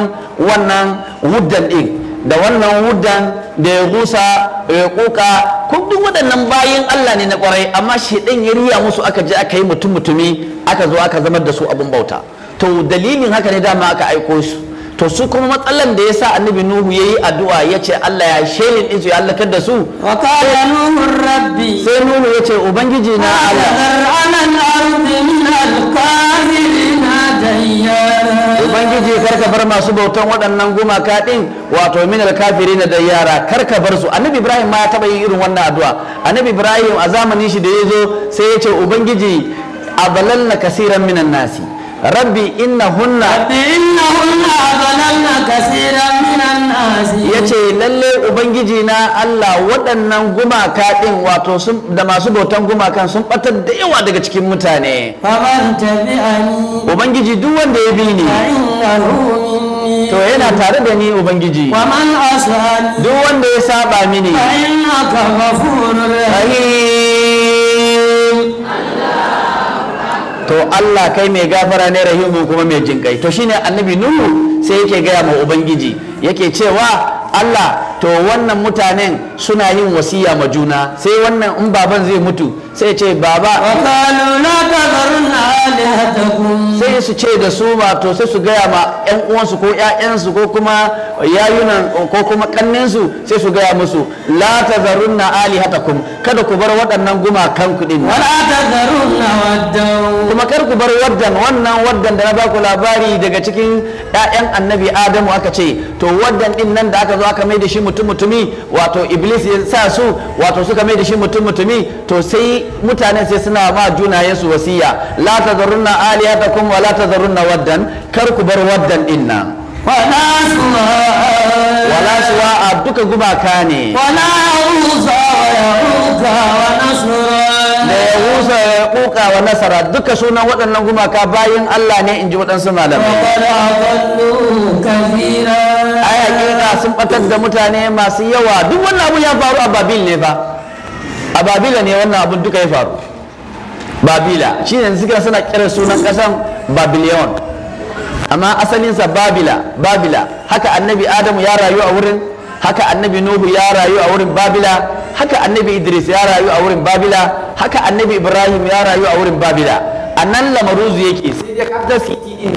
wannan wuddan din da wannan wuddan da ya gusa ya kuka kun waɗannan bayan Allah ne na kwarai amma shedan ya riya musu aka je aka yi mutum mutumi aka zo aka zama da su abun bauta to dalilin haka ne dama aka aiko su to su kuma matsalan da ya sa annabi nuhu ya yi addu'a ya ce Allah ya shirin ɗinsu ya halakar da su wa qala nuhu rabbi sai nuhu ya ce ubangiji na Allah ubangiji karka bar masu bautan waɗannan gumaka ɗin wato min alkafiri na da yara karka bar su annabi ibrahim ma ya taɓa yin irin wannan addu'a annabi ibrahim a zamanin shi da ya zo sai ya ce ubangiji abalanna kasiran minan nasi rabbi hunna. rabbi innahunna adlalna kaseeran minan nas yace lalle ubangiji na Allah waɗannan gumaka din wato da masu bautan gumakan sun batar da yawa daga cikin mutane ubangiji duk wanda ya bi ni to yana tare da ni ubangiji duk wanda ya saba mini fa innaka ghafurur rahim to Allah kai mai gafara ne rahimu kuma mai kai to shine annabi nuhu sai yake gaya ma ubangiji yake cewa Allah to wannan mutanen suna yin wasiya ma juna sai wannan in baban zai mutu sai ce baba sai su ce da su wato sai su gaya ma yan uwansu ko ya'yansu ko kuma yayunan ko kuma kanninsu sai su gaya musu la tazarunna kuma kada ku bar waɗannan guma kuɗin wala tazarunna waddan kuma kar ku bar waddan wannan waddan da na ba ku labari daga cikin 'ya'yan annabi adamu aka ce to waddan din nan da aka zo aka mai da shi mutum mutumi wato iblis ya sa su wato suka mai da shi mutum mutumi to sai mutane sai suna ma yansu wasiya la tazarunna aliyatakum wa la tazarunna waddan kar ku bar waddan dinna wala suwa duka gumaka ne wala uza ya uza wa nasra da ya uza ya kuka wa nasara duka sunan waɗannan gumaka bayin Allah ne in ji waɗansu malamai ai na sun batar da mutane masu yawa duk wannan abu ya faru a babil ne ba a babila ne wannan abin duka ya faru babila shi ne suka suna kira sunan kasan babilion amma asalinsa babila babila haka annabi adamu ya rayu a wurin haka annabi nuhu ya rayu a wurin babila haka annabi idris ya rayu a wurin babila haka annabi ibrahim ya rayu a wurin babila a nan lamaruzu yake sai dai capital city e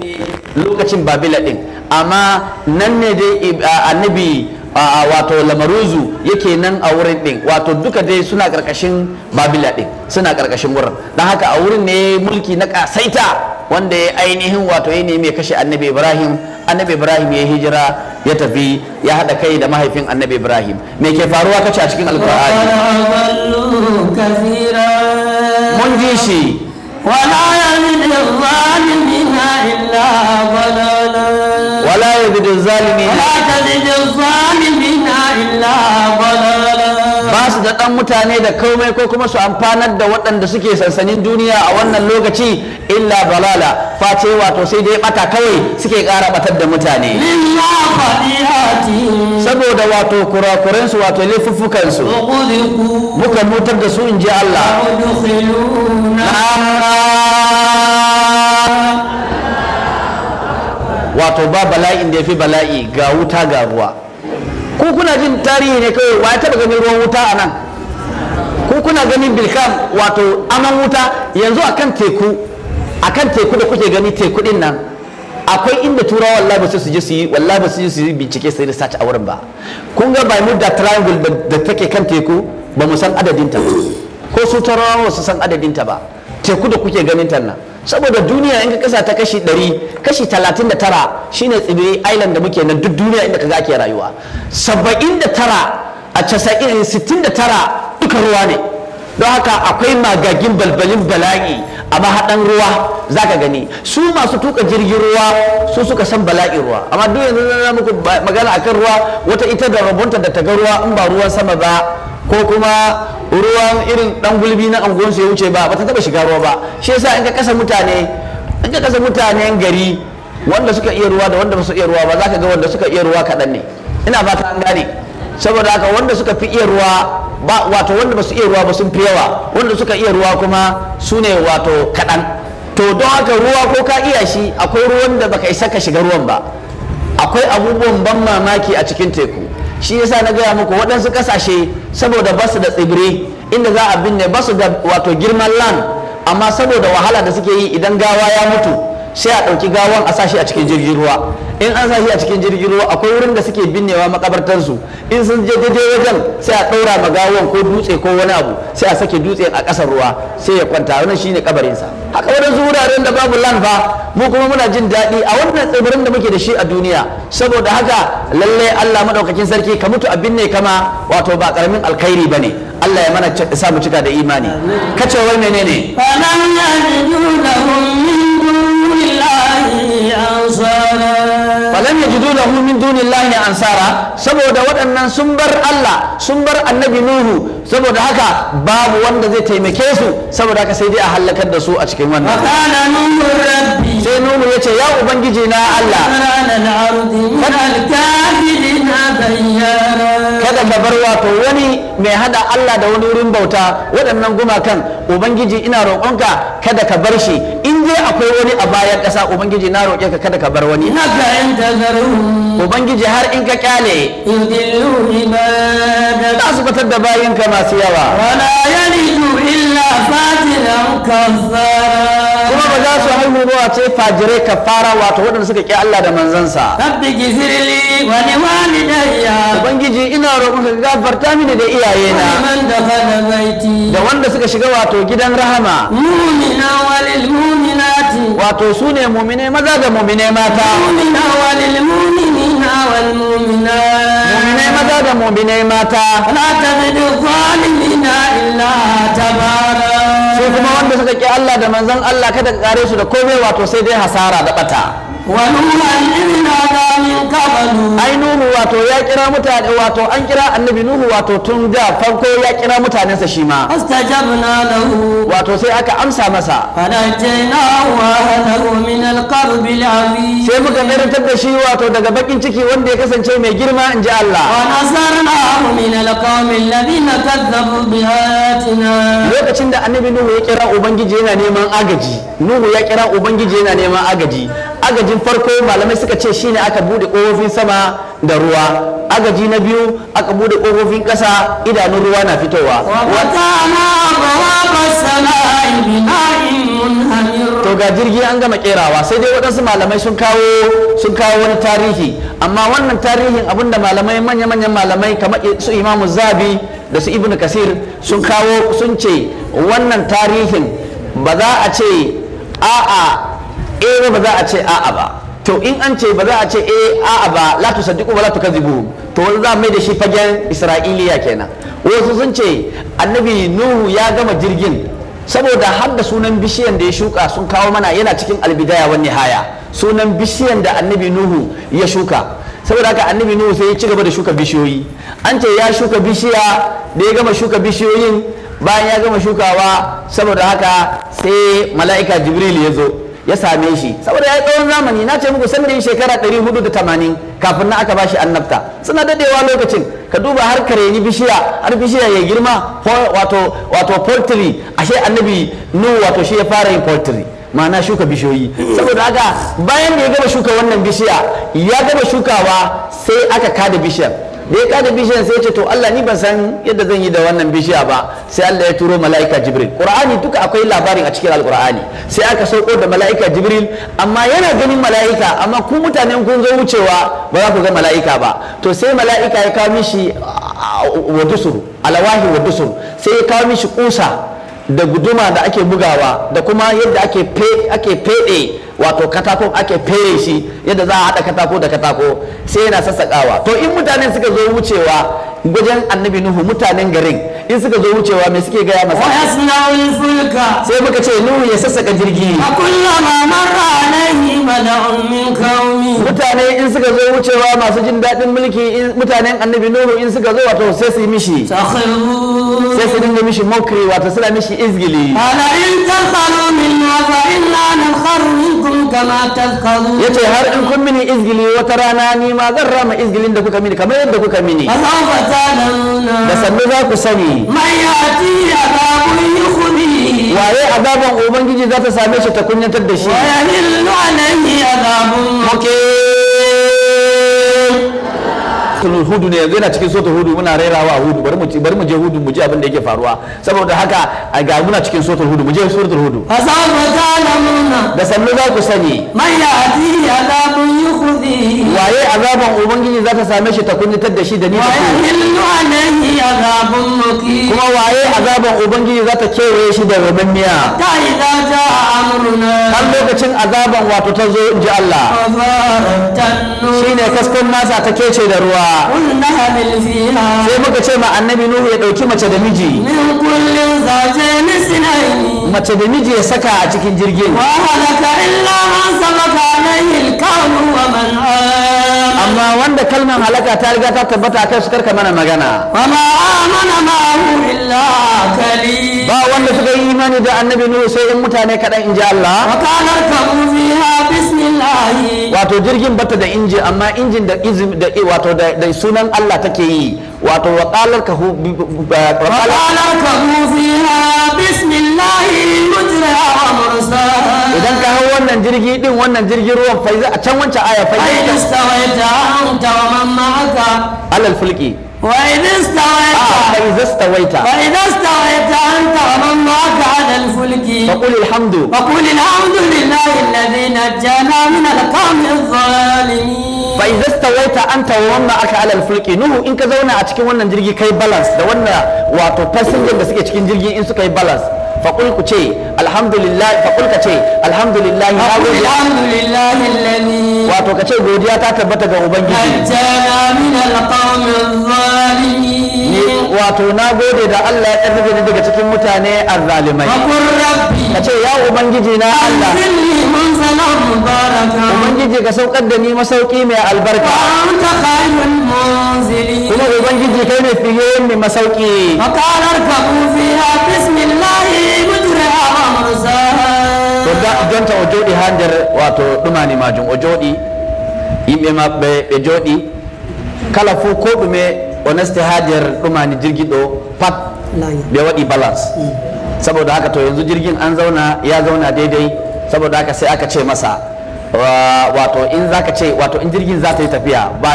ne lokacin babila din amma nan ne dai eh, annabi A'a wato lamaruzu yake nan a wurin din wato duka dai suna karkashin babila din suna karkashin wurin don haka a wurin ne mulki na kasaita wanda ya ainihin wato ya mai kashe annabi ibrahim annabi ibrahim ya hijira ya tafi ya haɗa kai da mahaifin annabi ibrahim me ke faruwa kace a cikin alkur'ani mun ji shi تزد الظالمين ba da ɗan mutane da komai ko kuma su amfanar da waɗanda suke sansanin duniya a wannan lokaci illa balala face wato sai dai bata kawai suke ƙara batar da mutane saboda wato kurakurensu wato laifuffukansu muka mutar da su in ji Allah wato ba bala'in da ya fi bala'i ga wuta ga ruwa ku kuna jin tarihi ne kawai wa ya taɓa ganin ruwan wuta a nan ku kuna ganin bilkam wato aman wuta yanzu akan teku akan teku da kuke gani teku din nan akwai inda turawa wallahi ba su je su yi wallahi ba su je su yi bincike sai sace a wurin ba kun ga bai da triangle da take kan teku ba mu san adadinta ko su turawa ba su san adadinta ba teku da kuke ganin ta nan saboda duniya in ka kasa ta kashi 100 kashi 39 shine tsibiri island da muke na duk duniya inda kaga ake rayuwa 79 a 69 duka ruwa ne don haka akwai magagin balbalin bala'i a mahaɗan ruwa za ka gani su masu tuka jirgin ruwa su suka san bala'in ruwa amma duk yanzu na muku magana akan ruwa wata ita da rabonta da ta ga ruwa in ba ruwan sama ba ko kuma ruwan irin dan gulbi na anguwan su ya wuce ba bata taba shiga ruwa ba shi yasa in ka kasa mutane in ka kasa mutanen gari wanda suka iya ruwa da wanda ba su iya ruwa ba za ka ga wanda suka iya ruwa kaɗan ne ina fata an gane saboda haka wanda suka fi iya ruwa ba wato wanda ba su iya ruwa ba sun fi yawa wanda suka iya ruwa kuma su ne wato kaɗan to don haka ruwa ko ka iya shi akwai ruwan da baka isa ka shiga ruwan ba akwai abubuwan ban mamaki a cikin teku shi yasa na gaya muku waɗansu ƙasashe saboda ba su da tsibiri inda za a binne ba su da wato girman land amma saboda wahala da suke yi idan gawa ya mutu sai a ɗauki gawan a sashi a cikin jirgin ruwa in an sashi a cikin jirgin ruwa akwai wurin da suke binnewa makabartansu in sun je daidai wajen sai a ɗaura ma gawan ko dutse ko wani abu sai a sake dutse a ƙasar ruwa sai ya kwanta wannan shine kabarinsa haka su wuraren da babu lan fa mu kuma muna jin daɗi a wannan tsibirin da muke da shi a duniya saboda haka lalle Allah madaukakin sarki ka mutu a binne kama wato ba karamin alkhairi bane Allah ya mana sa mu cika da imani wai menene fa man lahum min ya falam yajidu lahu min dunillahi ansara saboda waɗannan sun bar Allah sun bar annabi Nuhu saboda haka babu wanda zai taimake su saboda haka sai dai a halakar da su a cikin wannan nuhu rabbi sai nuhu ya ubangiji na Allah kana al kada ka bar wato wani mai hada Allah da wani wurin bauta waɗannan gumakan ubangiji ina roƙonka kada ka bar shi in dai akwai wani a bayan ƙasa ubangiji na roƙe ka kada ka bar wani haka in ubangiji har in ka kyale za su fitar da bayinka masu yawa wala yalidu illa fatilan kazzab za su haihu zuwa ce ka fara wato waɗanda suka ƙi Allah da manzansa rabbi gizirli wa li walidayya ubangiji ina roƙon ka gafarta mini da iyaye na da Da wanda suka shiga wato gidan rahama mu'mina walil mu'minati wato su ne mu'mine maza da mu'mine mata mu'mina walil mu'minina wal mu'minat mu'mine maza da mu'mine mata la tazidu zalimina illa tabara kuma wanda suka ƙi Allah da manzon Allah kada ka kare su da komai wato sai dai hasara da ɓata. ai nuhu wato ya kira mutane wato an kira annabi nuhu wato tun da farko ya kira mutanensa shi ma wato sai aka amsa masa sai muka narantar da shi wato daga bakin ciki wanda ya kasance mai girma in ji Allah wa lokacin da annabi nuhu ya kira ubangiji yana neman agaji nuhu ya kira ubangiji yana neman agaji agajin farko malamai suka ce shine aka bude ƙofofin sama da ruwa agaji na biyu aka bude ƙofofin ƙasa idanun ruwa na fitowa to ga jirgi an gama kerawa sai dai waɗansu malamai sun kawo sun kawo wani tarihi amma wannan tarihin abinda malamai manya-manyan malamai kamar su imamu zabi da su ibnu kasir sun kawo sun ce wannan tarihin ba za a ce a'a eh ba ba za a ce a'a ba to in an ce ba za a ce eh a'a ba la saddiqu wa la tukadzibu to wani za mai da shi fagen isra'iliya kenan wasu sun ce annabi nuhu ya gama jirgin saboda har da sunan bishiyan da ya shuka sun kawo mana yana cikin albidaya wani haya sunan bishiyan da annabi nuhu ya shuka saboda haka annabi nuhu sai ya ci gaba da shuka bishiyoyi an ce ya shuka bishiya da ya gama shuka bishiyoyin bayan ya gama shukawa saboda haka sai mala'ika jibril ya zo ya same shi saboda ya yi tsawon zamani na ce muku sanda yin shekara 480 kafin na aka bashi annabta suna dadewa lokacin ka duba har kare ni bishiya har bishiya ya girma wato wato poultry ashe annabi nu wato shi ya fara yin poultry ma'ana shuka bishiyoyi saboda haka bayan da ya gama shuka wannan bishiya ya gama shukawa sai aka kada bishiyar da ya kada bishiyar sai ce to Allah ni ban san yadda zan yi da wannan bishiya ba sai Allah ya turo mala'ika Jibril Qur'ani duka akwai labarin a cikin al sai aka sauko da mala'ika Jibril amma yana ganin mala'ika amma ku mutanen kun zo wucewa ba za ku ga mala'ika ba to sai mala'ika ya kawo mishi uh, wadusuru alawahi wadusur sai ya kawo mishi kusa da guduma da ake bugawa da kuma yadda ake ake fede wato katako ake fere shi yadda za a haɗa katako da katako sai yana sassaƙawa to in mutane suka zo wucewa wajen annabi nuhu mutanen garin in suka zo wucewa me suke gaya masa sai muka ce nuhu ya sassaƙa jirgi A mutane in suka zo wucewa masu jin daɗin mulki mutanen annabi nuhu in suka zo wato sai su yi mishi sai su dinga mishi mokri wato suna mishi izgili ala in tasalu min wa inna nakharu yace har in kun mini izgili wata rana ni ma zan rama izgilin da kuka mini kamar yadda kuka mini da sannu za ku sani man yati azabun waye azaban ubangiji za ta same shi ta kunyatar da shi wa yahillu sulhul hudu ne yanzu yana cikin sotar hudu muna rairawa hudu bari mu bari mu je hudu mu ji abin da yake faruwa saboda haka ga muna cikin sotar hudu mu je sotar hudu fasafa ta'lamuna da sannu za ku sani man ya'ti azabun yukhzi waye azaban ubangiji za ta same shi ta kunyatar da shi da ni ta ku illu alayhi azabun muqim kuma waye azaban ubangiji za ta kewaye shi da rabaniya ta idza ja'a amruna har lokacin azaban wato ta zo in ji Allah shine kaskon nasa ta kece da ruwa kunna hamil sai muka ce ma annabi nuhu ya dauki mace da miji kullin mace da miji ya saka a cikin jirgin wa man amma wanda kalmar halaka ta riga ta tabbata kai su karka mana magana wa ma illa ba wanda suka yi imani da annabi nuhu sai in mutane kaɗan in ji Allah wato jirgin bata da inji amma injin da izin da wato da sunan Allah take yi wato wa qalar ka hu qalar ka hu fiha bismillah mujra wa idan ka hau wannan jirgi din wannan jirgin ruwan faiza a can wancan aya faiza istawaita anta wa man ma'aka alal fulki wa idh istawaita ah, wa idh wa idh istawaita anta wa man ma'aka الفلك فقل الحمد فقل الحمد لله الذي نجانا من القوم الظالمين fa idza stawaita an wa man aka ala alfulki nuhu in ka zauna a cikin wannan jirgi kai balance da wannan wato passenger da suke cikin jirgi in suka yi balance fa kul ku ce alhamdulillah fa kul ka ce alhamdulillah alhamdulillah alladhi wato ka ce godiya ta tabbata ga ubangiji ajana wato na gode da Allah ya ƙarfafe ni daga cikin mutane azzalimai ka ce ya ubangiji na Allah ubangiji ka saukar da ni masauki mai albarka kuma ubangiji kai ne fiye mai masauki don ta ojodi hanjar wato dumani majin ojodi imbe ma be jodi kala fu ko dume onasti hajiyar ni jirgi do pat bai waɗi balance mm. saboda haka to yanzu jirgin an zauna ya zauna daidai saboda haka sai aka ce masa wato in zaka ce wato in jirgin za ta yi tafiya ba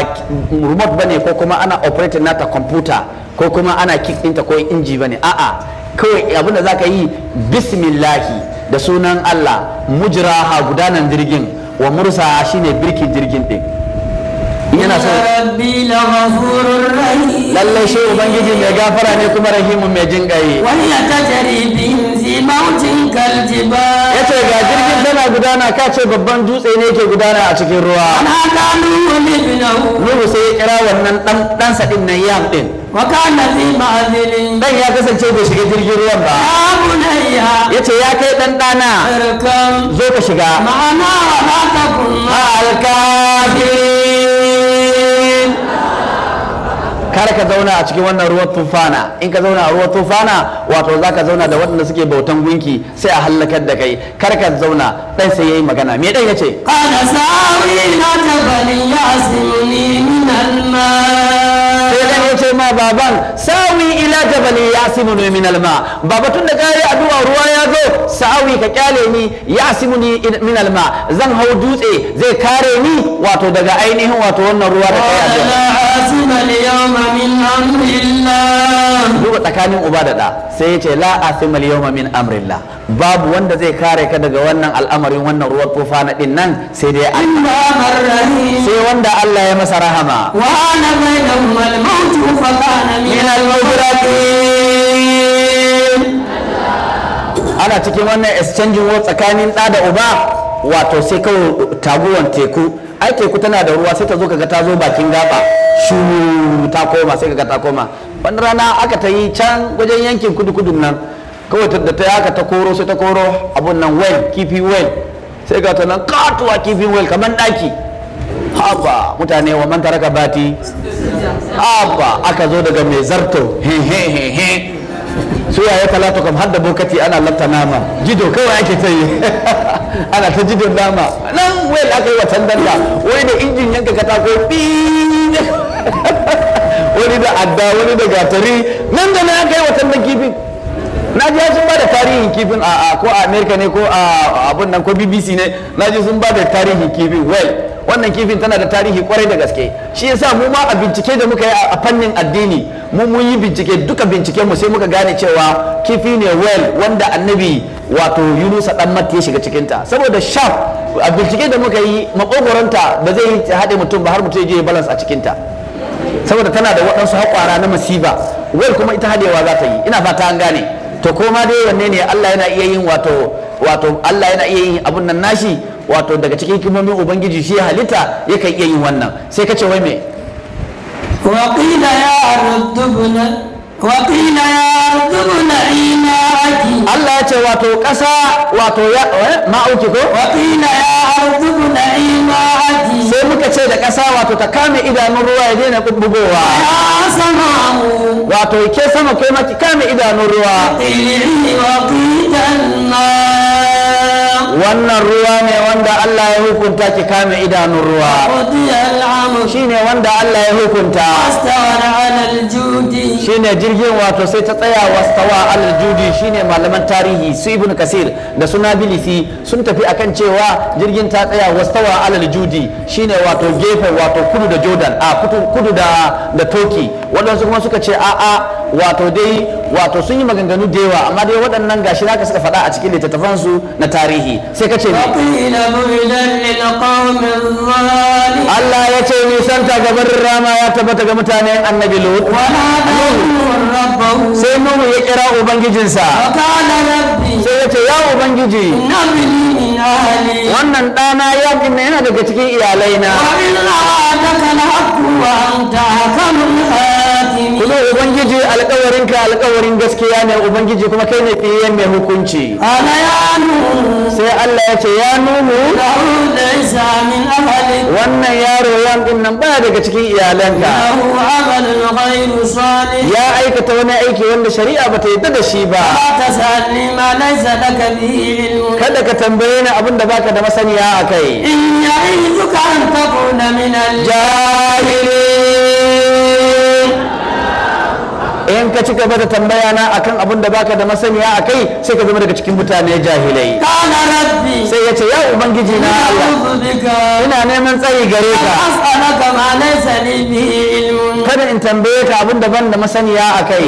remote bane ko kuma ana operating nata computer ko kuma ana kick ɗinta ko inji bane a'a kawai abinda za ka yi bismillahi da sunan allah mujraha gudanan jirgin wa mursa shine birkin jirgin ɗin yana so lallai shi ubangiji mai gafara ne kuma rahimun mai jin ƙayi ya ce ga jirgin tana gudana ka ce babban dutse ne ke gudana a cikin ruwa nuhu sai ya kira wannan ɗansa din nan yam ɗin وكان في معزل dan ya kasance shiga jirgin ruwan ba. ya ce ya kai dan dana zo ka shiga ma'ana wa ta takun ma kar ka zauna a cikin wannan ruwan tufana in ka zauna a ruwan tufana wato za ka zauna da waɗanda suke bautan gunki sai a hallakar da kai kar ka zauna ɗan sai ya yi magana me ɗan ya ce ma baban sawi ila jabali ya simu min alma baba tun da kayi addu'a ruwa ya zo bari ka kyale ni ya asimuni min alma zan hau dutse zai kare ni wato daga ainihin wato wannan ruwa da kai duba tsakanin uba da da sai ya ce la asima yawma min amrillah babu wanda zai kare ka daga wannan al'amarin wannan ruwan tufa na din nan sai dai sai wanda Allah ya masa rahama wa ana bainahum al-mawt fa kana min al-mawt ana cikin wannan exchanging war tsakanin ɗa da uba wato sai kawai taguwan teku ai teku tana da ruwa sai ta zo kaga ta zo bakin gaba shu ta koma sai kaga ta koma wani rana aka ta yi can wajen yankin kudu kudun nan kawai da ta aka ta koro sai ta koro abun nan well kifi well sai ga ta nan katuwa kifin well kamar daki haba mutane wa man taraka bati haba aka zo daga mai zarto he he he he suya ya talata kam har da bokati ana latta nama jido kawai ake ta yi *laughs* ana ta jido nama nan wayar aka yi wa tandanda wani da injin yanka katako *laughs* wani da adda wani da gatari nan da na aka yi wa tandan kifi na ji sun ba da tarihin kifin a ko a america ne ko a abun nan ko bbc ne na ji sun ba da tarihin kifin well wannan kifin tana da tarihi kwarai da gaske shi yasa mu ma a bincike da muka yi a fannin addini mu mun yi bincike duka binciken mu sai muka gane cewa kifi ne well wanda annabi wato yunusa dan matti ya shiga cikinta saboda sharp a bincike da muka yi makogoronta ba zai hade mutum ba har mutum ya je balance a cikinta saboda tana da waɗansu haƙwara na masiba well kuma ita hadewa za ta yi ina fata an gane to ko ma dai wanne ne Allah yana iya yin wato wato Allah yana iya yin abun nan nashi wato daga cikin hikimomin ubangiji shi halitta yakan iya yin wannan sai ka ce wai me qila ya رب Allah ya ce wato ƙasa wato ya ma'auki ko? Waƙina ya arzubu na imaji. Sai muka ce da ƙasa wato ta kame idanun ruwa ya daina bugowa. Ya sama mu. Wato ke sama kai maki kame idanun ruwa. Waƙina ya arzubu na imaji. wannan ruwa ne wanda Allah ya hukunta ki kame idanun ruwa shi ne wanda Allah ya hukunta shi ne jirgin wato sai ta tsaya wastawa aljudi ne malaman tarihi su ibn kasir da suna bilisi sun tafi akan cewa jirgin ta tsaya wastawa aljudi ne wato gefe wato kudu da jordan a kudu da da toki waɗansu kuma suka ce a'a wato dai wato sun yi maganganu da yawa amma dai waɗannan gashi zaka suka faɗa a cikin littattafan su na tarihi sai ka ce ne Allah ya ce nisan ta gaban rama ya tabbata ga mutanen annabi lut sai nuhu ya kira ubangijinsa sai ya ce ya ubangiji wannan dana ya yana daga cikin iyalaina wa illa ta kana hakku wa anta kuma ubangiji alkawarin ka alkawarin gaskiya ne ubangiji kuma kai ne fiye mai hukunci ya sai Allah ya ce ya nuhu wannan yaro yan din nan ba daga cikin iyalanka ya aikata wani aiki wanda shari'a ba ta yi da shi ba kada ka tambaye ni abin da baka da masaniya akai in ya duka an takuna na al jahili in ka ci gaba da tambaya na akan abin da baka da masaniya a kai sai ka zama daga cikin mutane jahilai sai ya ce ya ubangiji na Allah ina neman tsayi gare ka kada in tambaye ka abin da ban da masaniya a kai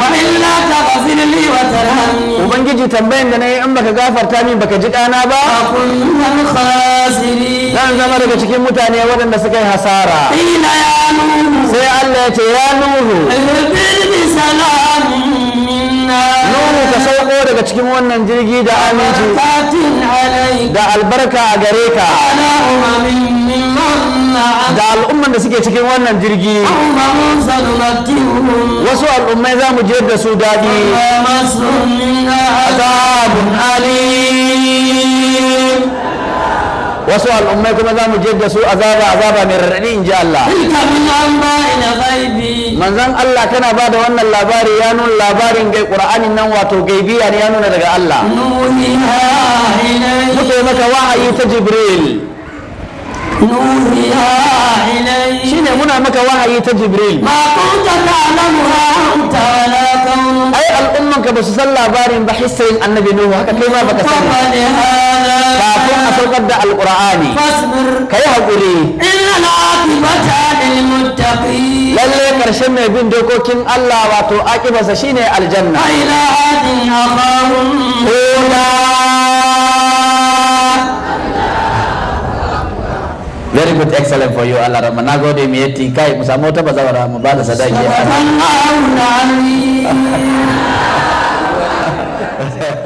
ubangiji tambayan da na yi in baka gafarta min baka ji kana ba zan zama daga cikin mutane waɗanda suka yi hasara sai Allah ya ce ya nuhu ka sauko daga cikin wannan jirgi da aminci da albarka a gare ka da al'umman da suke cikin wannan jirgi wasu al'ummai za mu je da su daɗi abin alim wasu al'ummai kuma za mu je da su azaba azaba mai raɗaɗi in ji Allah Manzan Allah tana ba da wannan labari ya nuna labarin gai ƙura'anin nan wato gaibiya ne ya nuna daga Allah muka yi maka wa'ayi ta Jibril Shi ne muna maka wahayi ta Jibril ma kunta ta'lamuha anta wala ai al'umman ka basu san labarin ba hisayin annabi nuhu haka kai ma baka san kafin a saukar da alqur'ani kayi hakuri lalle karshen mai bin dokokin Allah wato aƙibarsa shine aljanna ila very good excellent for you Allah rahma nagode mu yatti kai mu samu wata bazawara mu bada da sadaki *laughs*